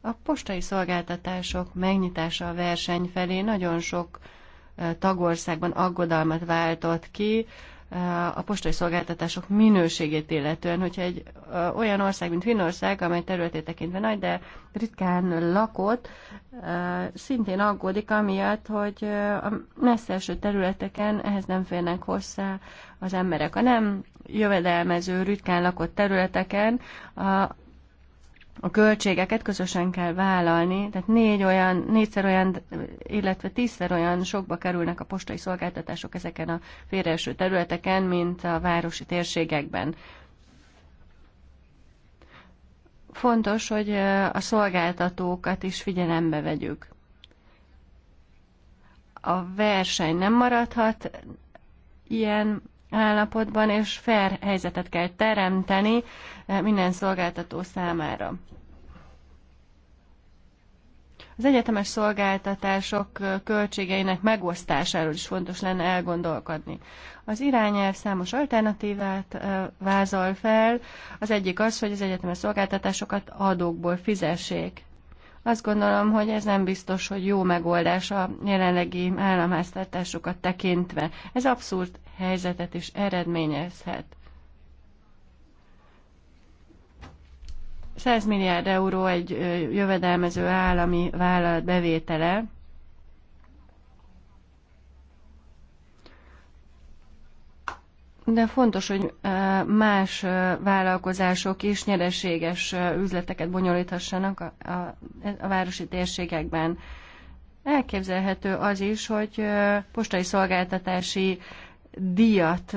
A postai szolgáltatások megnyitása a verseny felé nagyon sok eh, tagországban aggodalmat váltott ki, a postai szolgáltatások minőségét illetően, hogyha egy olyan ország, mint Finnország, amely területét tekintve nagy, de ritkán lakott, szintén aggódik amiatt, hogy a messzelső területeken ehhez nem férnek hozzá az emberek. A nem jövedelmező, ritkán lakott területeken a költségeket közösen kell vállalni, tehát négy olyan, négyszer olyan, illetve tízszer olyan sokba kerülnek a postai szolgáltatások ezeken a félreeső területeken, mint a városi térségekben. Fontos, hogy a szolgáltatókat is figyelembe vegyük. A verseny nem maradhat ilyen állapotban, és fair helyzetet kell teremteni eh, minden szolgáltató számára. Az egyetemes szolgáltatások eh, költségeinek megosztásáról is fontos lenne elgondolkodni. Az irányelv számos alternatívát eh, vázol fel. Az egyik az, hogy az egyetemes szolgáltatásokat adókból fizessék. Azt gondolom, hogy ez nem biztos, hogy jó megoldás a jelenlegi államháztartásokat tekintve. Ez abszurd helyzetet is eredményezhet. 100 milliárd euró egy jövedelmező állami vállalat bevétele, De fontos, hogy más vállalkozások is nyereséges üzleteket bonyolíthassanak a, a, a városi térségekben. Elképzelhető az is, hogy postai szolgáltatási díjat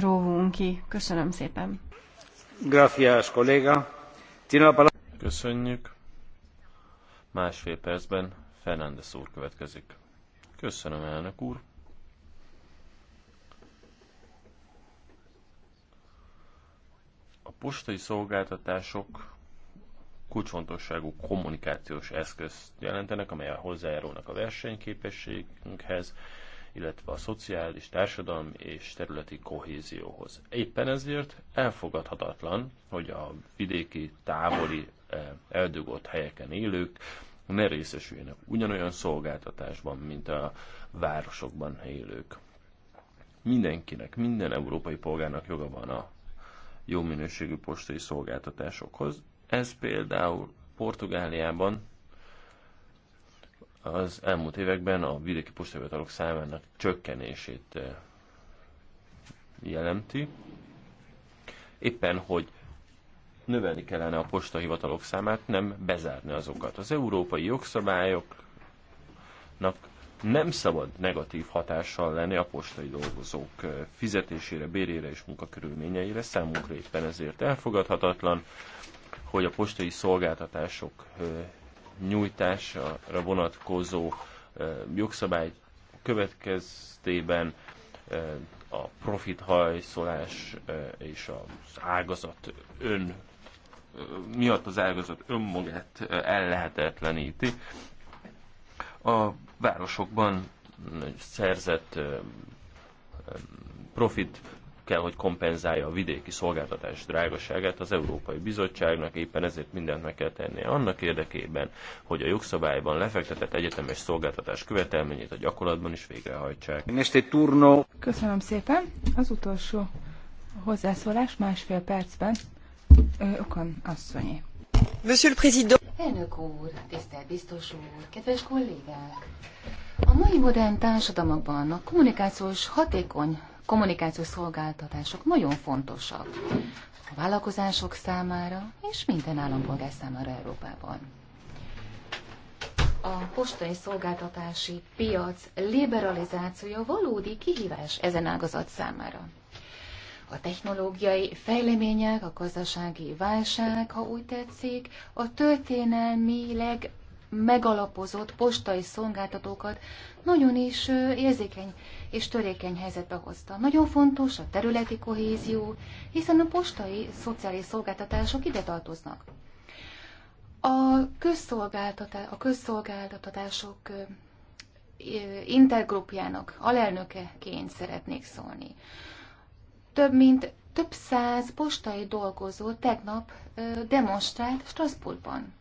róvunk ki. Köszönöm szépen. Grafiás kolléga. Köszönjük. Másfél percben Fernández úr következik. Köszönöm, elnök úr. A postai szolgáltatások kulcsfontosságú kommunikációs eszközt jelentenek, amelyel hozzájárulnak a versenyképességünkhez, illetve a szociális, társadalmi és területi kohézióhoz. Éppen ezért elfogadhatatlan, hogy a vidéki, távoli, eh, eldugott helyeken élők ne részesüljenek ugyanolyan szolgáltatásban, mint a városokban élők. Mindenkinek, minden európai polgárnak joga van a jó minőségű postai szolgáltatásokhoz. Ez például Portugáliában az elmúlt években a vidéki postahivatalok számának csökkenését eh, jelenti. Éppen, hogy növelni kellene a postahivatalok számát, nem bezárni azokat. Az európai jogszabályoknak nem szabad negatív hatással lenni a postai dolgozók fizetésére, bérére és munkakörülményeire. Számunkra éppen ezért elfogadhatatlan, hogy a postai szolgáltatások nyújtására vonatkozó jogszabály következtében a profithajszolás és az ágazat ön miatt az ágazat önmagát ellehetetleníti. A városokban szerzett profit kell, hogy kompenzálja a vidéki szolgáltatás drágaságát az Európai Bizottságnak, éppen ezért mindent meg kell tennie annak érdekében, hogy a jogszabályban lefektetett egyetemes szolgáltatás követelményét a gyakorlatban is végrehajtsák. Köszönöm szépen. Az utolsó hozzászólás másfél percben okon asszonyi. Monsieur le Président. Elnök úr, tisztelt biztos úr, kedves kollégák! A mai modern társadalmakban a kommunikációs hatékony kommunikációs szolgáltatások nagyon fontosak a vállalkozások számára és minden állampolgár számára Európában. A postai szolgáltatási piac liberalizációja valódi kihívás ezen ágazat számára a technológiai fejlemények, a gazdasági válság, ha úgy tetszik, a történelmileg megalapozott postai szolgáltatókat nagyon is érzékeny és törékeny helyzetbe hozta. Nagyon fontos a területi kohézió, hiszen a postai szociális szolgáltatások ide tartoznak. A, közszolgáltatá- a közszolgáltatások intergrupjának alelnökeként szeretnék szólni több mint több száz postai dolgozó tegnap demonstrált Strasbourgban,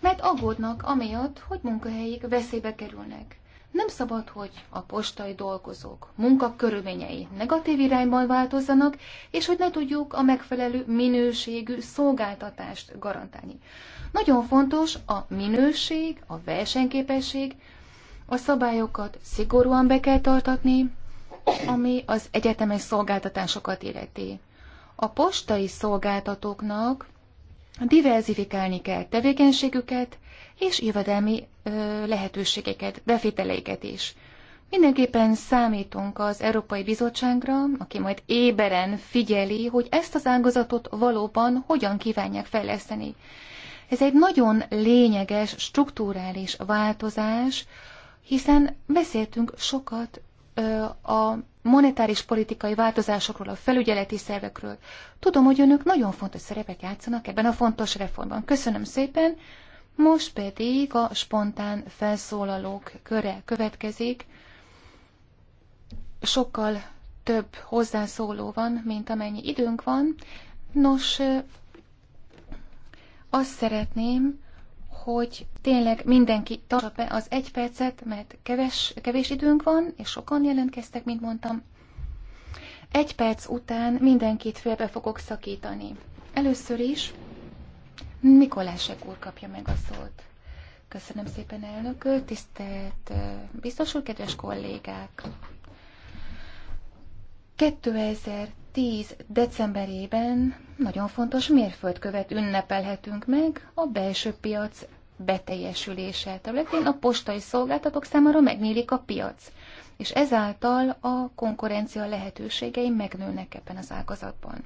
mert aggódnak amiatt, hogy munkahelyik veszélybe kerülnek. Nem szabad, hogy a postai dolgozók munkakörülményei negatív irányban változzanak, és hogy ne tudjuk a megfelelő minőségű szolgáltatást garantálni. Nagyon fontos a minőség, a versenyképesség, a szabályokat szigorúan be kell tartatni, ami az egyetemes szolgáltatásokat illeti. A postai szolgáltatóknak diverzifikálni kell tevékenységüket és jövedelmi ö, lehetőségeket, befételeiket is. Mindenképpen számítunk az Európai Bizottságra, aki majd éberen figyeli, hogy ezt az ágazatot valóban hogyan kívánják fejleszteni. Ez egy nagyon lényeges, strukturális változás, hiszen beszéltünk sokat a monetáris politikai változásokról, a felügyeleti szervekről. Tudom, hogy önök nagyon fontos szerepet játszanak ebben a fontos reformban. Köszönöm szépen. Most pedig a spontán felszólalók köre következik. Sokkal több hozzászóló van, mint amennyi időnk van. Nos, azt szeretném, hogy tényleg mindenki tartsa be az egy percet, mert keves, kevés időnk van, és sokan jelentkeztek, mint mondtam. Egy perc után mindenkit félbe fogok szakítani. Először is Mikolásek úr kapja meg a szót. Köszönöm szépen, elnök tisztelt biztos úr, kedves kollégák! 2000 2010 decemberében nagyon fontos mérföldkövet ünnepelhetünk meg a belső piac beteljesülése területén. A postai szolgáltatók számára megnyílik a piac, és ezáltal a konkurencia lehetőségei megnőnek ebben az ágazatban.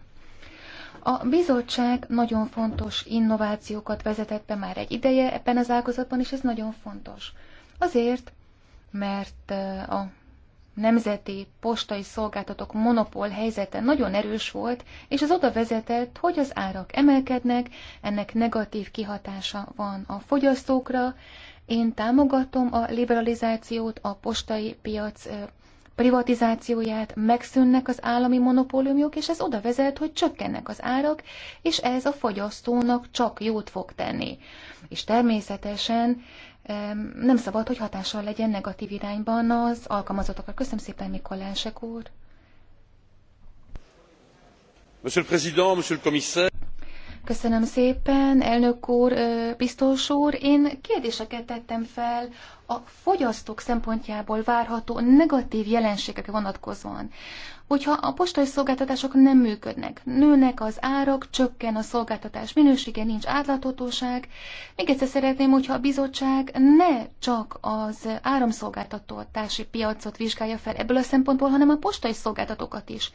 A bizottság nagyon fontos innovációkat vezetett be már egy ideje ebben az ágazatban, és ez nagyon fontos. Azért, mert a nemzeti postai szolgáltatók monopól helyzete nagyon erős volt, és az oda vezetett, hogy az árak emelkednek, ennek negatív kihatása van a fogyasztókra. Én támogatom a liberalizációt, a postai piac privatizációját, megszűnnek az állami monopóliumok, és ez oda vezet, hogy csökkennek az árak, és ez a fogyasztónak csak jót fog tenni. És természetesen nem szabad, hogy hatással legyen negatív irányban az alkalmazottakra. Köszönöm szépen, Mikolásek úr. Monsieur le Président, Monsieur le Commissaire. Köszönöm szépen, elnök úr, biztos úr. Én kérdéseket tettem fel a fogyasztók szempontjából várható negatív jelenségek vonatkozóan. Hogyha a postai szolgáltatások nem működnek, nőnek az árak, csökken a szolgáltatás minősége, nincs átláthatóság. Még egyszer szeretném, hogyha a bizottság ne csak az áramszolgáltatási piacot vizsgálja fel ebből a szempontból, hanem a postai szolgáltatókat is.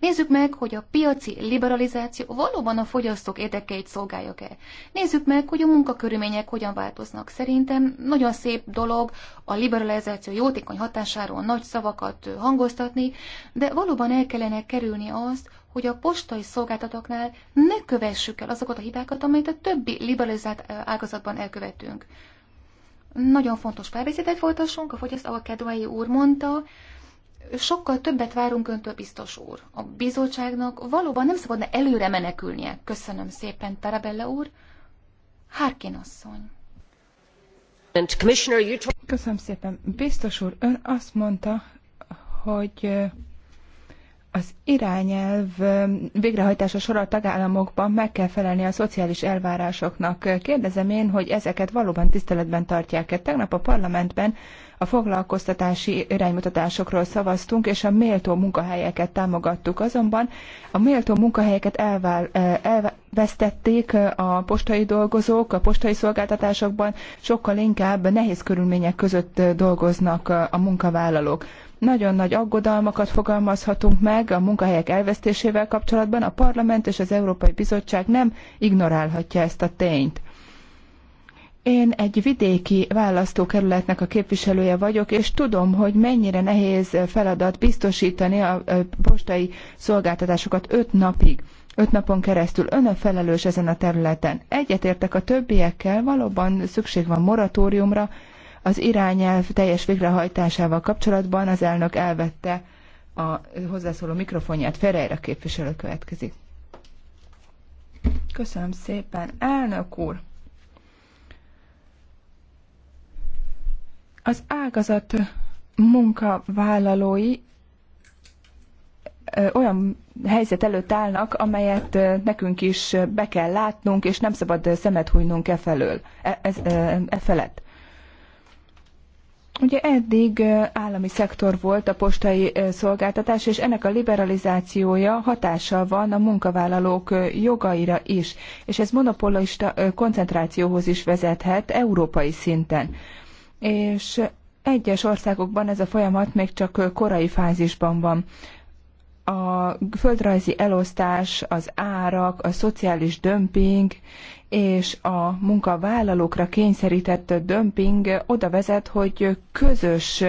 Nézzük meg, hogy a piaci liberalizáció valóban a fogyasztók érdekeit szolgálja-e. Nézzük meg, hogy a munkakörülmények hogyan változnak. Szerintem nagyon szép dolog, dolog a liberalizáció jótékony hatásáról nagy szavakat hangoztatni, de valóban el kellene kerülni azt, hogy a postai szolgáltatóknál ne kövessük el azokat a hibákat, amelyet a többi liberalizált ágazatban elkövetünk. Nagyon fontos párbeszédet folytassunk, ahogy ezt a Kedvai úr mondta, sokkal többet várunk öntől, biztos úr. A bizottságnak valóban nem szabadna előre menekülnie. Köszönöm szépen, Tarabella úr. Harkin asszony. Köszönöm szépen. Biztos úr, ön azt mondta, hogy az irányelv végrehajtása sor a tagállamokban meg kell felelni a szociális elvárásoknak. Kérdezem én, hogy ezeket valóban tiszteletben tartják-e. Tegnap a parlamentben a foglalkoztatási iránymutatásokról szavaztunk, és a méltó munkahelyeket támogattuk. Azonban a méltó munkahelyeket elvál, elvesztették a postai dolgozók, a postai szolgáltatásokban sokkal inkább nehéz körülmények között dolgoznak a munkavállalók. Nagyon nagy aggodalmakat fogalmazhatunk meg a munkahelyek elvesztésével kapcsolatban. A Parlament és az Európai Bizottság nem ignorálhatja ezt a tényt. Én egy vidéki választókerületnek a képviselője vagyok, és tudom, hogy mennyire nehéz feladat biztosítani a postai szolgáltatásokat öt napig, öt napon keresztül. Ön a felelős ezen a területen. Egyetértek a többiekkel, valóban szükség van moratóriumra, az irányelv teljes végrehajtásával kapcsolatban az elnök elvette a hozzászóló mikrofonját. Ferreira képviselő következik. Köszönöm szépen, elnök úr! Az ágazat munkavállalói olyan helyzet előtt állnak, amelyet nekünk is be kell látnunk, és nem szabad szemet hújnunk e felől, e, e, e felett. Ugye eddig állami szektor volt a postai szolgáltatás, és ennek a liberalizációja hatással van a munkavállalók jogaira is, és ez monopolista koncentrációhoz is vezethet európai szinten. És egyes országokban ez a folyamat még csak korai fázisban van. A földrajzi elosztás, az árak, a szociális dömping és a munkavállalókra kényszerített dömping oda vezet, hogy közös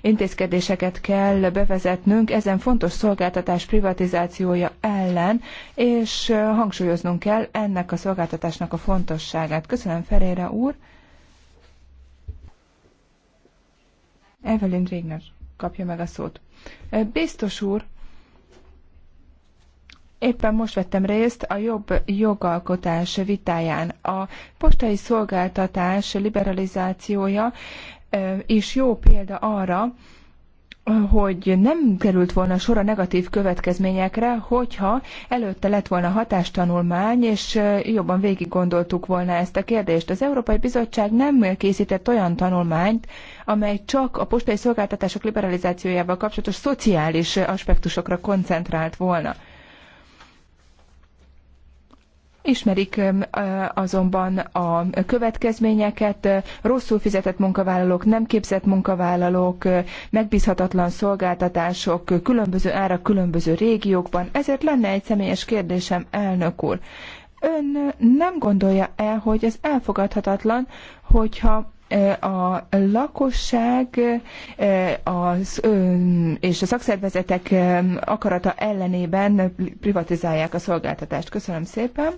intézkedéseket kell bevezetnünk ezen fontos szolgáltatás privatizációja ellen, és hangsúlyoznunk kell ennek a szolgáltatásnak a fontosságát. Köszönöm, Ferére úr! Evelyn Régner kapja meg a szót. Biztos úr, Éppen most vettem részt a jobb jogalkotás vitáján. A postai szolgáltatás liberalizációja és jó példa arra, hogy nem került volna sor a negatív következményekre, hogyha előtte lett volna hatástanulmány, és jobban végig gondoltuk volna ezt a kérdést. Az Európai Bizottság nem készített olyan tanulmányt, amely csak a postai szolgáltatások liberalizációjával kapcsolatos szociális aspektusokra koncentrált volna. Ismerik azonban a következményeket, rosszul fizetett munkavállalók, nem képzett munkavállalók, megbízhatatlan szolgáltatások, különböző árak különböző régiókban. Ezért lenne egy személyes kérdésem, elnök úr. Ön nem gondolja el, hogy ez elfogadhatatlan, hogyha a lakosság az, és a szakszervezetek akarata ellenében privatizálják a szolgáltatást. Köszönöm szépen.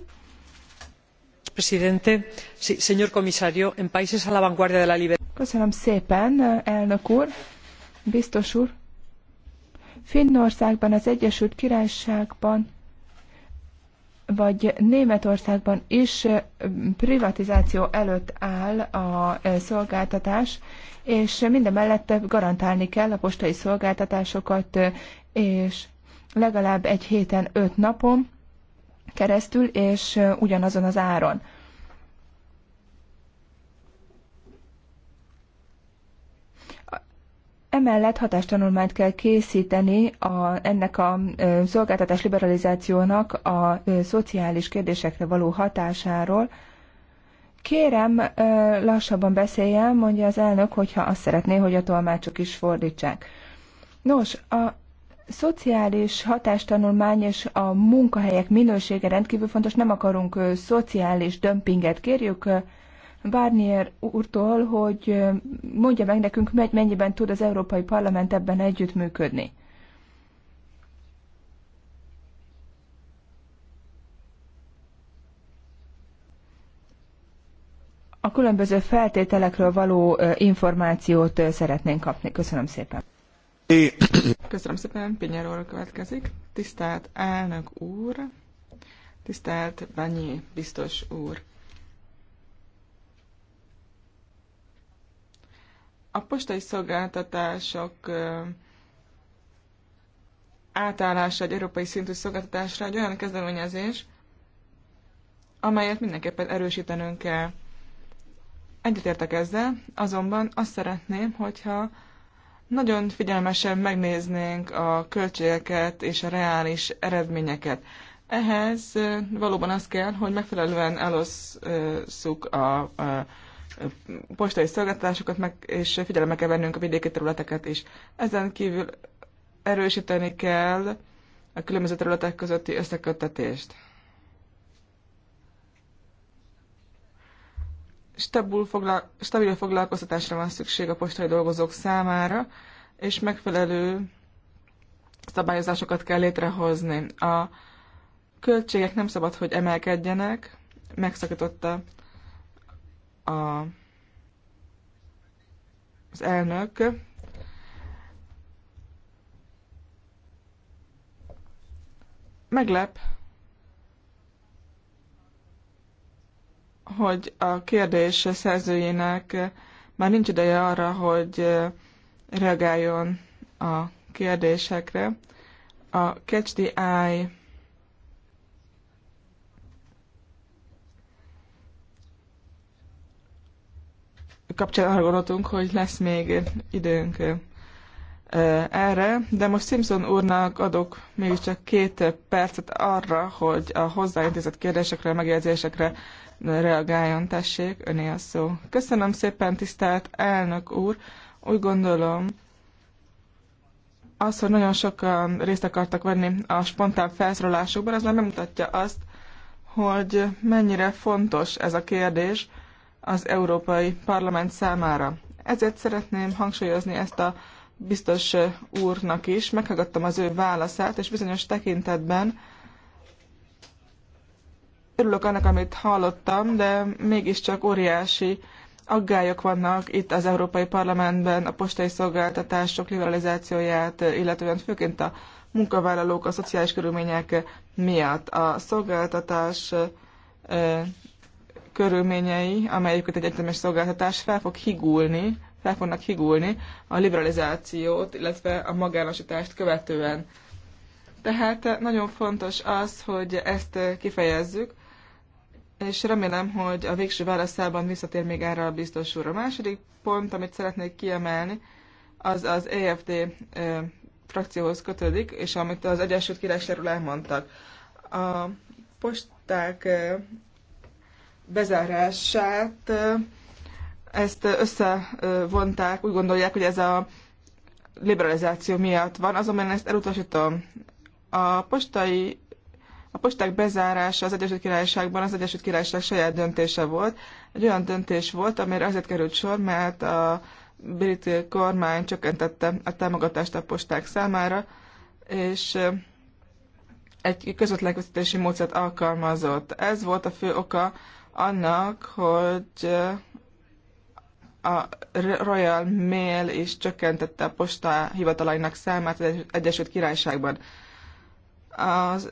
Presidente, sí, señor comisario, en países a la vanguardia de la libertad. Köszönöm szépen, elnök úr, biztos úr. Finnországban, az Egyesült Királyságban vagy Németországban is privatizáció előtt áll a szolgáltatás, és minden mellett garantálni kell a postai szolgáltatásokat, és legalább egy héten öt napon keresztül, és ugyanazon az áron. Emellett hatástanulmányt kell készíteni a, ennek a szolgáltatás liberalizációnak a szociális kérdésekre való hatásáról. Kérem, lassabban beszéljen, mondja az elnök, hogyha azt szeretné, hogy a tolmácsok is fordítsák. Nos, a szociális hatástanulmány és a munkahelyek minősége rendkívül fontos. Nem akarunk szociális dömpinget, kérjük Barnier úrtól, hogy mondja meg nekünk, mennyiben tud az Európai Parlament ebben együttműködni. A különböző feltételekről való információt szeretnénk kapni. Köszönöm szépen. Köszönöm szépen, Pinyáról következik. Tisztelt elnök úr, tisztelt Banyi biztos úr. A postai szolgáltatások átállása egy európai szintű szolgáltatásra egy olyan kezdeményezés, amelyet mindenképpen erősítenünk kell. Egyetértek ezzel, azonban azt szeretném, hogyha nagyon figyelmesen megnéznénk a költségeket és a reális eredményeket. Ehhez valóban az kell, hogy megfelelően elosszuk a, a postai szolgáltatásokat meg, és figyelembe kell vennünk a vidéki területeket is. Ezen kívül erősíteni kell a különböző területek közötti összeköttetést. Stabil, foglalko- stabil foglalkoztatásra van szükség a postai dolgozók számára, és megfelelő szabályozásokat kell létrehozni. A költségek nem szabad, hogy emelkedjenek, megszakította a, az elnök meglep, hogy a kérdés szerzőjének már nincs ideje arra, hogy reagáljon a kérdésekre. A Catch the Eye kapcsán arra gondoltunk, hogy lesz még időnk erre, de most Simpson úrnak adok mégiscsak két percet arra, hogy a hozzáintézett kérdésekre, megjegyzésekre reagáljon, tessék, öné a szó. Köszönöm szépen, tisztelt elnök úr. Úgy gondolom, az, hogy nagyon sokan részt akartak venni a spontán felszólalásokban, az már mutatja azt, hogy mennyire fontos ez a kérdés, az Európai Parlament számára. Ezért szeretném hangsúlyozni ezt a biztos úrnak is. Meghallgattam az ő válaszát, és bizonyos tekintetben örülök annak, amit hallottam, de mégiscsak óriási aggályok vannak itt az Európai Parlamentben a postai szolgáltatások liberalizációját, illetően főként a munkavállalók a szociális körülmények miatt. A szolgáltatás körülményei, amelyeket egy egyetemes szolgáltatás fel fog higulni, fel fognak higulni a liberalizációt, illetve a magánosítást követően. Tehát nagyon fontos az, hogy ezt kifejezzük, és remélem, hogy a végső válaszában visszatér még erre a biztos úr. A második pont, amit szeretnék kiemelni, az az EFD ö, frakcióhoz kötődik, és amit az Egyesült Királyságról elmondtak. A posták bezárását, ezt összevonták, úgy gondolják, hogy ez a liberalizáció miatt van, azonban ezt elutasítom. A postai a posták bezárása az Egyesült Királyságban az Egyesült Királyság saját döntése volt. Egy olyan döntés volt, amire azért került sor, mert a brit kormány csökkentette a támogatást a posták számára, és egy közvetlen módszert alkalmazott. Ez volt a fő oka annak, hogy eh, a Royal Mail is csökkentette a posta hivatalainak számát az Egyesült Királyságban. Az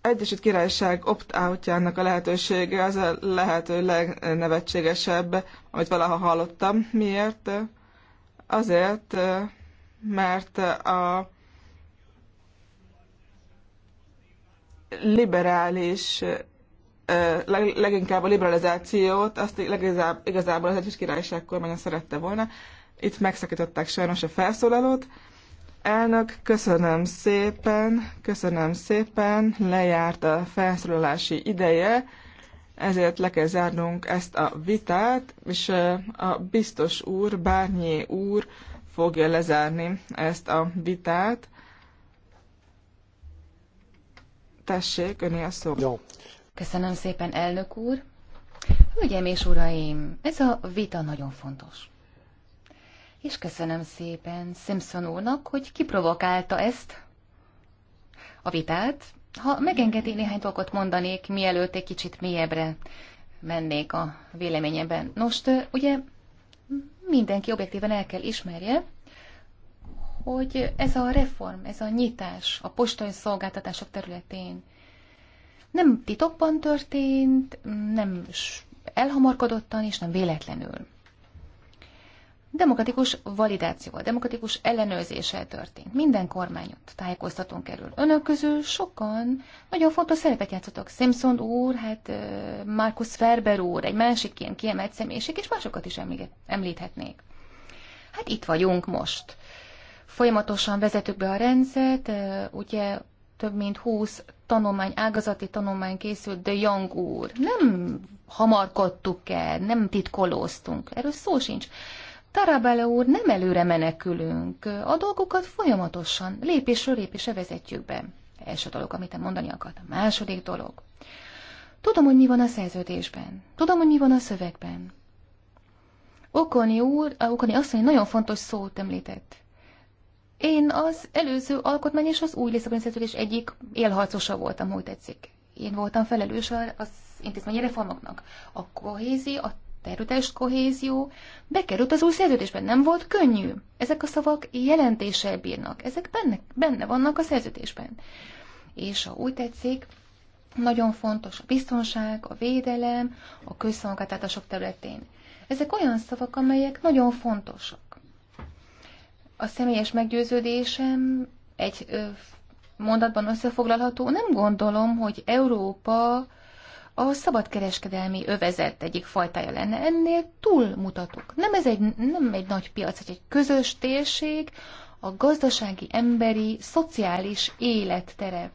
Egyesült Királyság opt-outjának a lehetősége az a lehető legnevetségesebb, amit valaha hallottam. Miért? Azért, eh, mert a liberális leginkább a liberalizációt, azt legizább, igazából az Egyes Királyság kormánya szerette volna. Itt megszakították sajnos a felszólalót. Elnök, köszönöm szépen, köszönöm szépen, lejárt a felszólalási ideje, ezért le kell zárnunk ezt a vitát, és a biztos úr, bárnyi úr fogja lezárni ezt a vitát. Tessék, öné a szó. Jó. Köszönöm szépen, elnök úr. Hölgyeim és uraim, ez a vita nagyon fontos. És köszönöm szépen Simpson úrnak, hogy kiprovokálta ezt a vitát. Ha megengedi, néhány dolgot mondanék, mielőtt egy kicsit mélyebbre mennék a véleményemben. Nos, ugye mindenki objektíven el kell ismerje, hogy ez a reform, ez a nyitás a postai szolgáltatások területén nem titokban történt, nem elhamarkodottan és nem véletlenül. Demokratikus validációval, demokratikus ellenőrzéssel történt. Minden kormányot tájékoztatunk kerül. Önök közül sokan nagyon fontos szerepet játszottak. Simpson úr, hát Markus Ferber úr, egy másik ilyen kiemelt személyiség, és másokat is említhetnék. Hát itt vagyunk most. Folyamatosan vezetük be a rendszert, ugye több mint 20 tanulmány, ágazati tanulmány készült, de Young úr, nem hamarkodtuk el, nem titkolóztunk, erről szó sincs. Tarabella úr, nem előre menekülünk, a dolgokat folyamatosan, lépésről lépésre vezetjük be. Első dolog, amit én mondani akartam. Második dolog. Tudom, hogy mi van a szerződésben. Tudom, hogy mi van a szövegben. Okoni úr, Okoni asszony nagyon fontos szót említett. Én az előző alkotmány és az új Lisszaboni szerződés egyik élharcosa voltam, hogy tetszik. Én voltam felelős az intézményi reformoknak. A kohézió, a területes kohézió bekerült az új szerződésben. Nem volt könnyű. Ezek a szavak jelentéssel bírnak. Ezek benne, benne vannak a szerződésben. És ha úgy tetszik, nagyon fontos a biztonság, a védelem, a közszolgáltatások területén. Ezek olyan szavak, amelyek nagyon fontosak. A személyes meggyőződésem egy mondatban összefoglalható. Nem gondolom, hogy Európa a szabadkereskedelmi övezet egyik fajtája lenne. Ennél túlmutatok. Nem ez egy, nem egy nagy piac, egy közös térség, a gazdasági, emberi, szociális élettere.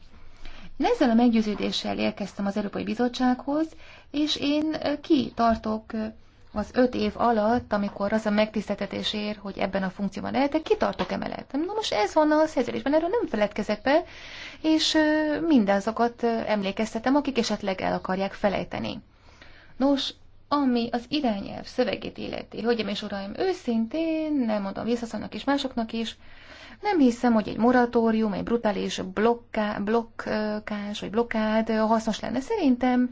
Én ezzel a meggyőződéssel érkeztem az Európai Bizottsághoz, és én ki tartok az öt év alatt, amikor az a megtiszteltetés ér, hogy ebben a funkcióban lehetek, kitartok emellett. Na most ez van a szerződésben, erről nem feledkezek be, és mindazokat emlékeztetem, akik esetleg el akarják felejteni. Nos, ami az irányelv szövegét illeti, hölgyem és uraim, őszintén, nem mondom visszaszannak és másoknak is, nem hiszem, hogy egy moratórium, egy brutális blokká, blokkás vagy blokkád hasznos lenne. Szerintem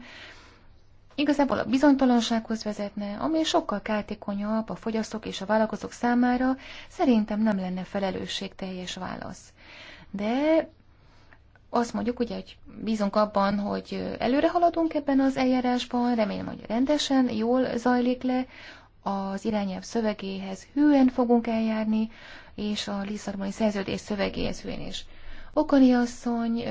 igazából a bizonytalansághoz vezetne, ami sokkal kártékonyabb a fogyasztók és a vállalkozók számára, szerintem nem lenne felelősségteljes válasz. De azt mondjuk, ugye, hogy bízunk abban, hogy előre haladunk ebben az eljárásban, remélem, hogy rendesen, jól zajlik le, az irányelv szövegéhez hűen fogunk eljárni, és a Lisszaboni szerződés szövegéhez hűen is. Okoni asszony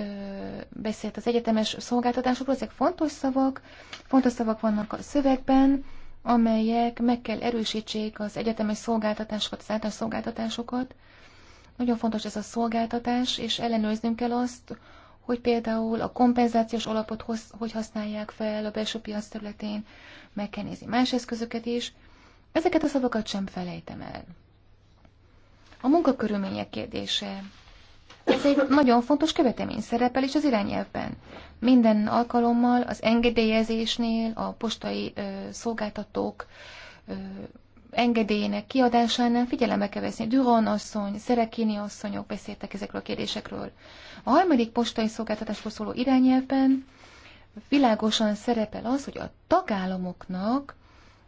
beszélt az egyetemes szolgáltatásokról, ezek fontos szavak, fontos szavak vannak a szövegben, amelyek meg kell erősítsék az egyetemes szolgáltatásokat, az általános szolgáltatásokat. Nagyon fontos ez a szolgáltatás, és ellenőrznünk kell azt, hogy például a kompenzációs alapot hoz, hogy használják fel a belső piac területén, meg kell nézni más eszközöket is. Ezeket a szavakat sem felejtem el. A munkakörülmények kérdése ez egy nagyon fontos követemény szerepel is az irányelvben. Minden alkalommal az engedélyezésnél a postai ö, szolgáltatók ö, engedélyének kiadásánál figyelembe kell veszni. Duron asszony, Szerekini asszonyok beszéltek ezekről a kérdésekről. A harmadik postai szolgáltatásról szóló irányelvben világosan szerepel az, hogy a tagállamoknak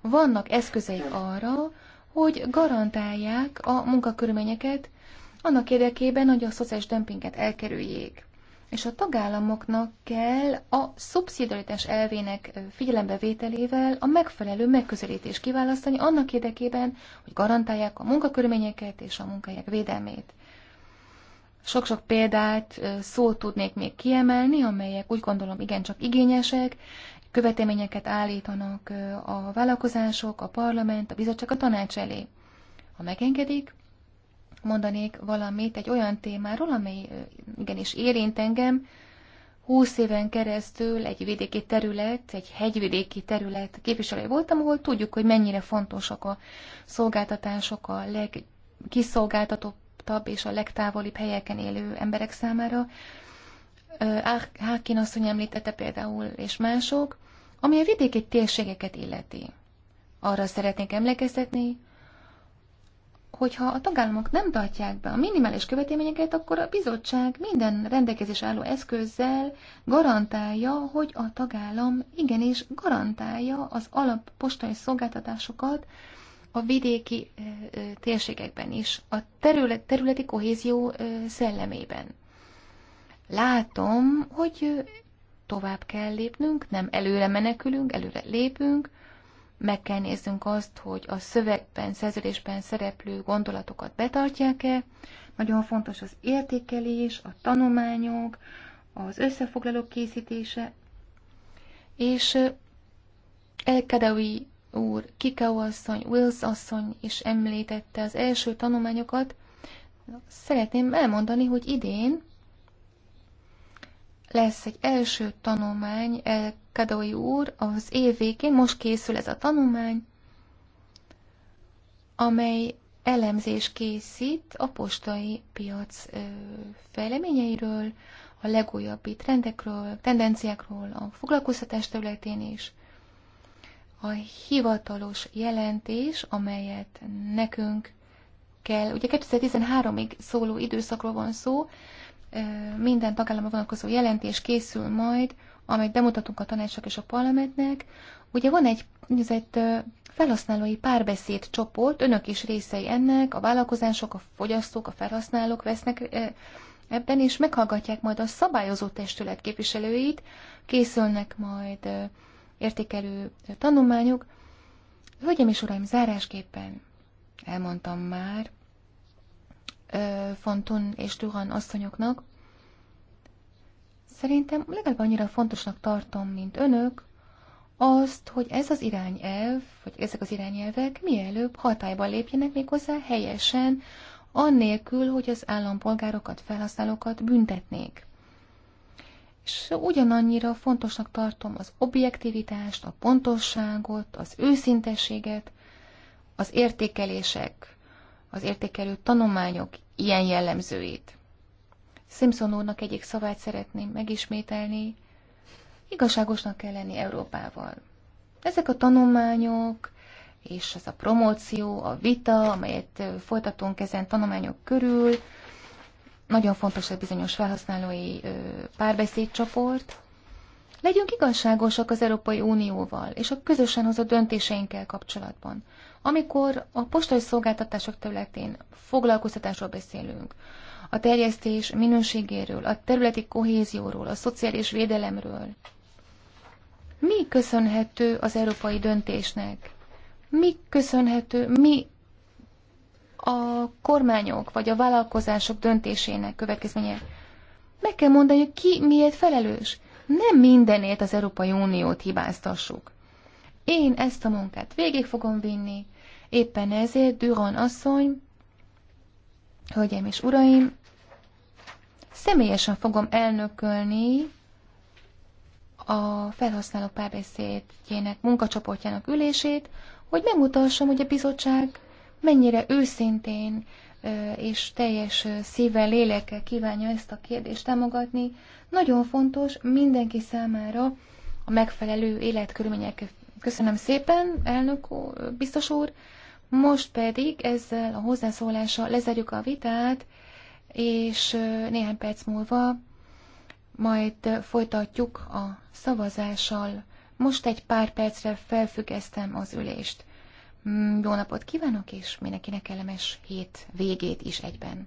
vannak eszközeik arra, hogy garantálják a munkakörülményeket annak érdekében, hogy a szociális dömpinget elkerüljék. És a tagállamoknak kell a szubszidiaritás elvének vételével a megfelelő megközelítés kiválasztani annak érdekében, hogy garantálják a munkakörülményeket és a munkahelyek védelmét. Sok-sok példát, szót tudnék még kiemelni, amelyek úgy gondolom igencsak igényesek, követelményeket állítanak a vállalkozások, a parlament, a bizottság, a tanács elé. Ha megengedik, mondanék valamit egy olyan témáról, amely igenis érint engem. Húsz éven keresztül egy vidéki terület, egy hegyvidéki terület képviselője voltam, ahol tudjuk, hogy mennyire fontosak a szolgáltatások a legkiszolgáltatottabb és a legtávolibb helyeken élő emberek számára. Hákin asszony említette például, és mások, ami a vidéki térségeket illeti. Arra szeretnék emlékeztetni, hogyha a tagállamok nem tartják be a minimális követelményeket, akkor a bizottság minden rendelkezés álló eszközzel garantálja, hogy a tagállam igenis garantálja az alap postai szolgáltatásokat a vidéki térségekben is, a terület, területi kohézió szellemében. Látom, hogy tovább kell lépnünk, nem előre menekülünk, előre lépünk, meg kell néznünk azt, hogy a szövegben, szerződésben szereplő gondolatokat betartják-e. Nagyon fontos az értékelés, a tanulmányok, az összefoglalók készítése, és Kadawi úr, Kikau asszony, Wills asszony is említette az első tanulmányokat. Szeretném elmondani, hogy idén lesz egy első tanulmány El Kadói úr, az év végén most készül ez a tanulmány, amely elemzés készít a postai piac fejleményeiről, a legújabb trendekről, tendenciákról, a foglalkoztatás területén is. A hivatalos jelentés, amelyet nekünk kell, ugye 2013-ig szóló időszakról van szó, minden tagállamra vonatkozó jelentés készül majd, amit bemutatunk a tanácsok és a parlamentnek, ugye van egy úgynevezett felhasználói párbeszéd csoport, önök is részei ennek, a vállalkozások, a fogyasztók, a felhasználók vesznek ebben, és meghallgatják majd a szabályozó testület képviselőit, készülnek majd értékelő tanulmányok. Hölgyeim és uraim, zárásképpen elmondtam már Fonton és Duhan asszonyoknak, Szerintem legalább annyira fontosnak tartom, mint önök, azt, hogy ez az irányelv, vagy ezek az irányelvek mielőbb hatályba lépjenek méghozzá helyesen, annélkül, hogy az állampolgárokat, felhasználókat büntetnék. És ugyanannyira fontosnak tartom az objektivitást, a pontosságot, az őszintességet, az értékelések, az értékelő tanulmányok ilyen jellemzőit. Simpson úrnak egyik szavát szeretném megismételni. Igazságosnak kell lenni Európával. Ezek a tanulmányok, és ez a promóció, a vita, amelyet folytatunk ezen tanulmányok körül, nagyon fontos egy bizonyos felhasználói párbeszédcsoport. Legyünk igazságosak az Európai Unióval és a közösen hozott döntéseinkkel kapcsolatban. Amikor a postai szolgáltatások területén foglalkoztatásról beszélünk, a terjesztés minőségéről, a területi kohézióról, a szociális védelemről. Mi köszönhető az európai döntésnek? Mi köszönhető, mi a kormányok vagy a vállalkozások döntésének következménye? Meg kell mondani, hogy ki miért felelős. Nem mindenért az Európai Uniót hibáztassuk. Én ezt a munkát végig fogom vinni, éppen ezért Duron asszony Hölgyeim és uraim, Személyesen fogom elnökölni a felhasználó párbeszédjének munkacsoportjának ülését, hogy megmutassam, hogy a bizottság mennyire őszintén és teljes szívvel, lélekkel kívánja ezt a kérdést támogatni. Nagyon fontos mindenki számára a megfelelő életkörülmények. Köszönöm szépen, elnök biztos úr. Most pedig ezzel a hozzászólással lezárjuk a vitát és néhány perc múlva majd folytatjuk a szavazással. Most egy pár percre felfüggesztem az ülést. Mm, jó napot kívánok, és mindenkinek kellemes hét végét is egyben.